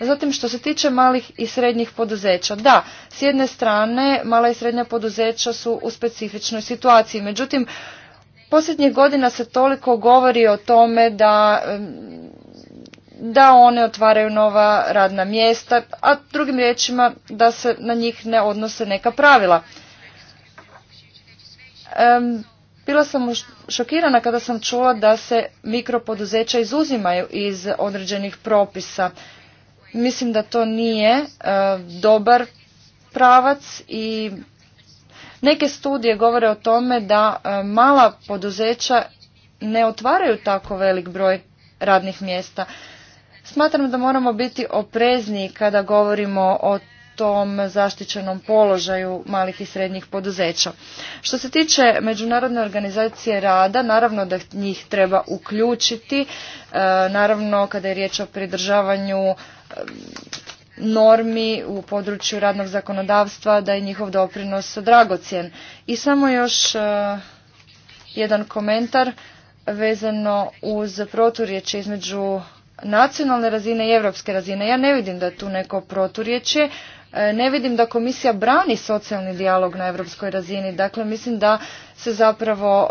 B: Zatim što se tiče malih i srednjih poduzeća, da, s jedne strane mala i srednja poduzeća su u specifičnoj situaciji, međutim, posljednjih godina se toliko govori o tome da da one otvaraju nova radna mjesta, a drugim riječima da se na njih ne odnose neka pravila. Um, bila sam šokirana kada sam čula da se mikropoduzeća izuzimaju iz određenih propisa. Mislim da to nije e, dobar pravac i neke studije govore o tome da e, mala poduzeća ne otvaraju tako velik broj radnih mjesta. Smatram da moramo biti oprezni kada govorimo o tom zaštićenom položaju malih i srednjih poduzeća. Što se tiče Međunarodne organizacije rada, naravno da njih treba uključiti, e, naravno kada je riječ o pridržavanju e, normi u području radnog zakonodavstva, da je njihov doprinos dragocjen. I samo još e, jedan komentar vezano uz proturječe između nacionalne razine i europske razine. Ja ne vidim da je tu neko proturječje, e, ne vidim da komisija brani socijalni dijalog na europskoj razini. Dakle, mislim da se zapravo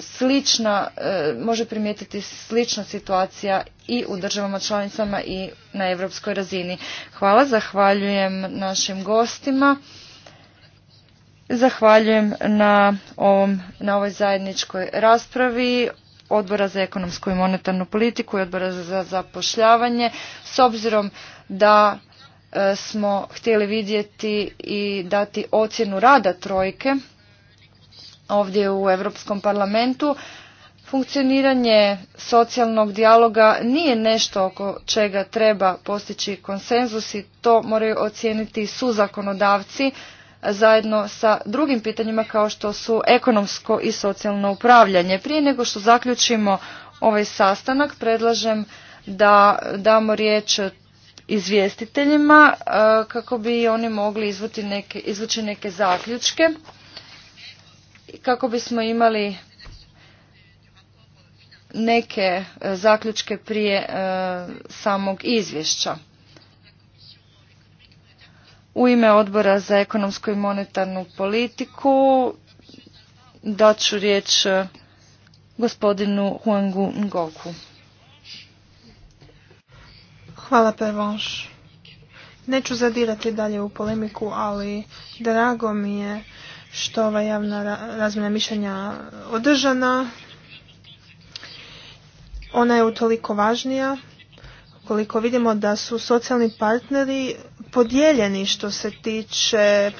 B: slična, e, može primijetiti slična situacija i u državama članicama i na europskoj razini. Hvala, zahvaljujem našim gostima. Zahvaljujem na, na ovoj zajedničkoj raspravi odbora za ekonomsku i monetarnu politiku i odbora za zapošljavanje s obzirom da e, smo htjeli vidjeti i dati ocjenu rada trojke ovdje u Europskom parlamentu. Funkcioniranje socijalnog dijaloga nije nešto oko čega treba postići konsenzus i to moraju ocijeniti zakonodavci zajedno sa drugim pitanjima kao što su ekonomsko i socijalno upravljanje. Prije nego što zaključimo ovaj sastanak predlažem da damo riječ izvjestiteljima e, kako bi oni mogli izvući neke, izvući neke zaključke i kako bismo imali neke e, zaključke prije e, samog izvješća. U ime odbora za ekonomsku i monetarnu politiku daću riječ e, gospodinu Huangu Ngoku. Hvala Pervanš.
A: Neću zadirati dalje u polemiku, ali drago mi je što ova javna razmjena mišljenja održana. Ona je utoliko važnija koliko vidimo da su socijalni partneri podijeljeni što se tiče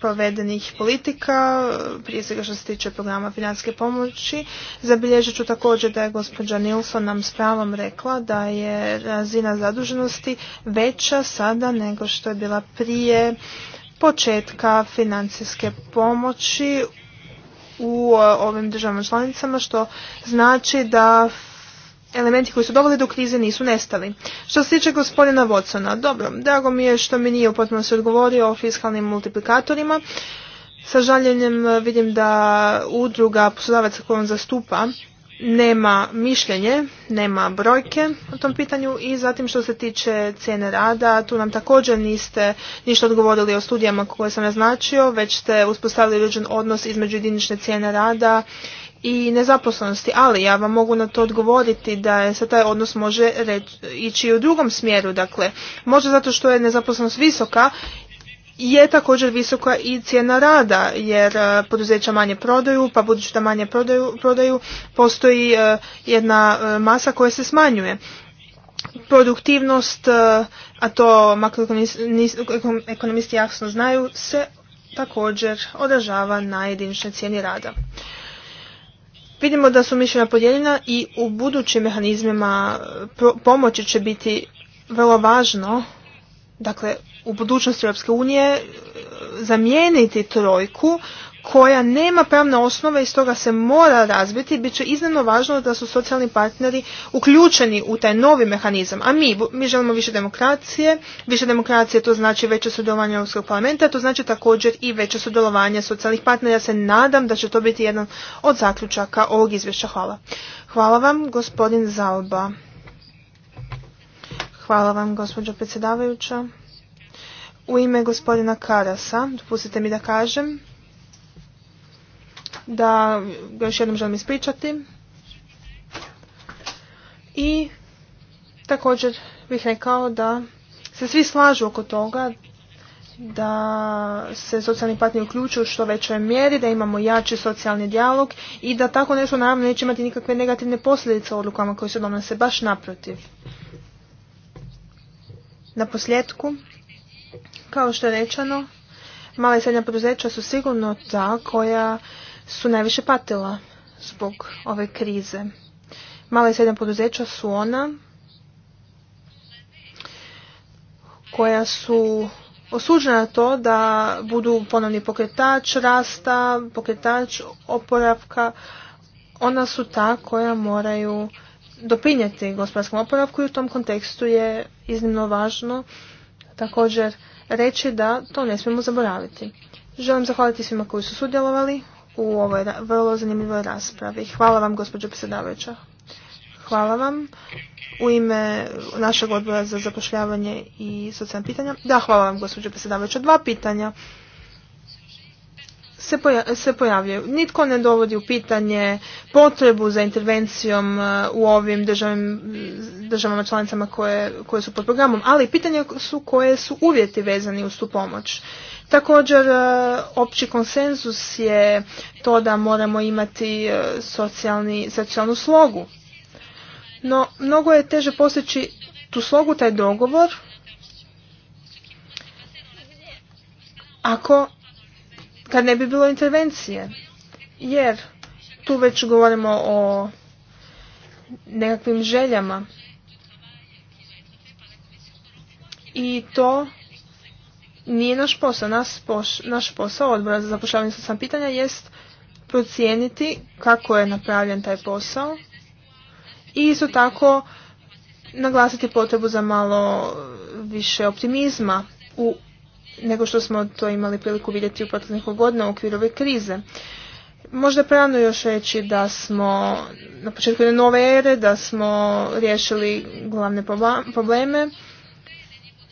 A: provedenih politika, prije svega što se tiče programa financijske pomoći. Zabilježit ću također da je gospođa Nilsson nam s pravom rekla da je razina zaduženosti veća sada nego što je bila prije početka financijske pomoći u ovim državama članicama, što znači da elementi koji su doveli do krize nisu nestali. Što se tiče gospodina Watsona, dobro, drago mi je što mi nije potpuno se odgovorio o fiskalnim multiplikatorima. Sa žaljenjem e, vidim da udruga poslodavaca koju on zastupa nema mišljenje, nema brojke o tom pitanju i zatim što se tiče cijene rada, tu nam također niste ništa odgovorili o studijama koje sam naznačio, već ste uspostavili odnos između jedinične cijene rada i nezaposlenosti, ali ja vam mogu na to odgovoriti da se taj odnos može reći, ići u drugom smjeru, dakle, možda zato što je nezaposlenost visoka je također visoka i cijena rada, jer e, poduzeća manje prodaju, pa budući da manje prodaju, prodaju postoji e, jedna e, masa koja se smanjuje. Produktivnost, a to makroekonomisti jasno znaju, se također odražava na jediničnoj cijeni rada. Vidimo da su mišljenja podijeljena i u budućim mehanizmima e, pomoći će biti vrlo važno, dakle u budućnosti Europske unije e, zamijeniti trojku koja nema pravne osnove i stoga se mora razbiti, bit će iznimno važno da su socijalni partneri uključeni u taj novi mehanizam. A mi, mi želimo više demokracije, više demokracije to znači veće sudjelovanje Europskog parlamenta, to znači također i veće sudjelovanje socijalnih partnera. Ja se nadam da će to biti jedan od zaključaka ovog izvješća. Hvala. Hvala vam, gospodin Zalba. Hvala vam, gospođo predsjedavajuća. U ime gospodina Karasa, dopustite mi da kažem da ga još jednom želim ispričati. I također bih rekao da se svi slažu oko toga da se socijalni partneri uključuju što većoj mjeri, da imamo jači socijalni dijalog i da tako nešto naravno neće imati nikakve negativne posljedice u odlukama koje se donose baš naprotiv. Na posljedku, kao što je rečeno, mala i srednja poduzeća su sigurno ta koja su najviše patila zbog ove krize. Mala i srednja poduzeća su ona koja su osuđena na to da budu ponovni pokretač rasta, pokretač oporavka. Ona su ta koja moraju doprinijeti gospodarskom oporavku i u tom kontekstu je iznimno važno također reći da to ne smijemo zaboraviti. Želim zahvaliti svima koji su sudjelovali u ovoj vrlo zanimljivoj raspravi. Hvala vam gospođo predsjedavajuća. Hvala vam. U ime našeg odbora za zapošljavanje i socijalna pitanja. Da, hvala vam gospođo predsjedavajuća. Dva pitanja se, poja pojavljaju. Nitko ne dovodi u pitanje potrebu za intervencijom uh, u ovim državim, državama članicama koje, koje su pod programom, ali pitanje su koje su uvjeti vezani uz tu pomoć. Također, uh, opći konsenzus je to da moramo imati uh, socijalni, socijalnu slogu. No, mnogo je teže postići tu slogu, taj dogovor, ako kad ne bi bilo intervencije. Jer tu već govorimo o nekakvim željama. I to nije naš posao. naš posao odbora za zapošljavanje sam pitanja jest procijeniti kako je napravljen taj posao i isto tako naglasiti potrebu za malo više optimizma u nego što smo to imali priliku vidjeti u proteklih godina u okviru ove krize. Možda pravno još reći da smo na početku jedne nove ere, da smo riješili glavne probleme.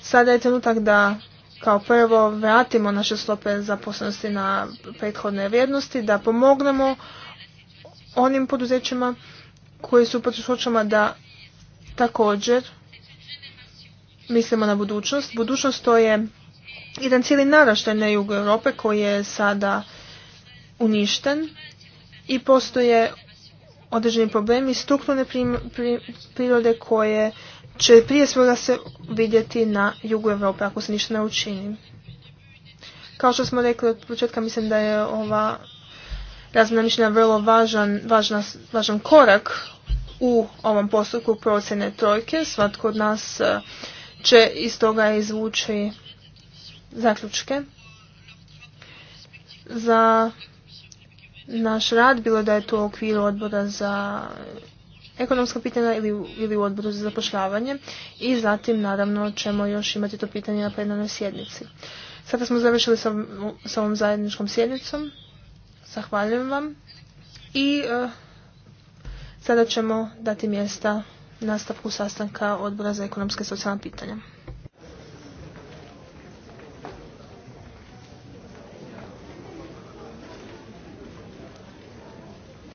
A: Sada je trenutak da kao prvo vratimo naše stope zaposlenosti na prethodne vrijednosti, da pomognemo onim poduzećima koji su u da također mislimo na budućnost. Budućnost to je jedan cijeli naraštaj na jugu Europe koji je sada uništen i postoje određeni problemi strukturne prirode koje će prije svega se vidjeti na jugu Europe ako se ništa ne učini. Kao što smo rekli od početka, mislim da je ova razmjena mišljenja vrlo važan, važna, važan korak u ovom postupku procjene trojke. Svatko od nas eh, će iz toga izvući zaključke za naš rad, bilo da je to u okviru odbora za ekonomska pitanja ili, u odboru za zapošljavanje i zatim naravno ćemo još imati to pitanje na plenarnoj sjednici. Sada smo završili sa, ovom zajedničkom sjednicom. Zahvaljujem vam i eh, sada ćemo dati mjesta nastavku sastanka odbora za ekonomske i socijalne pitanja.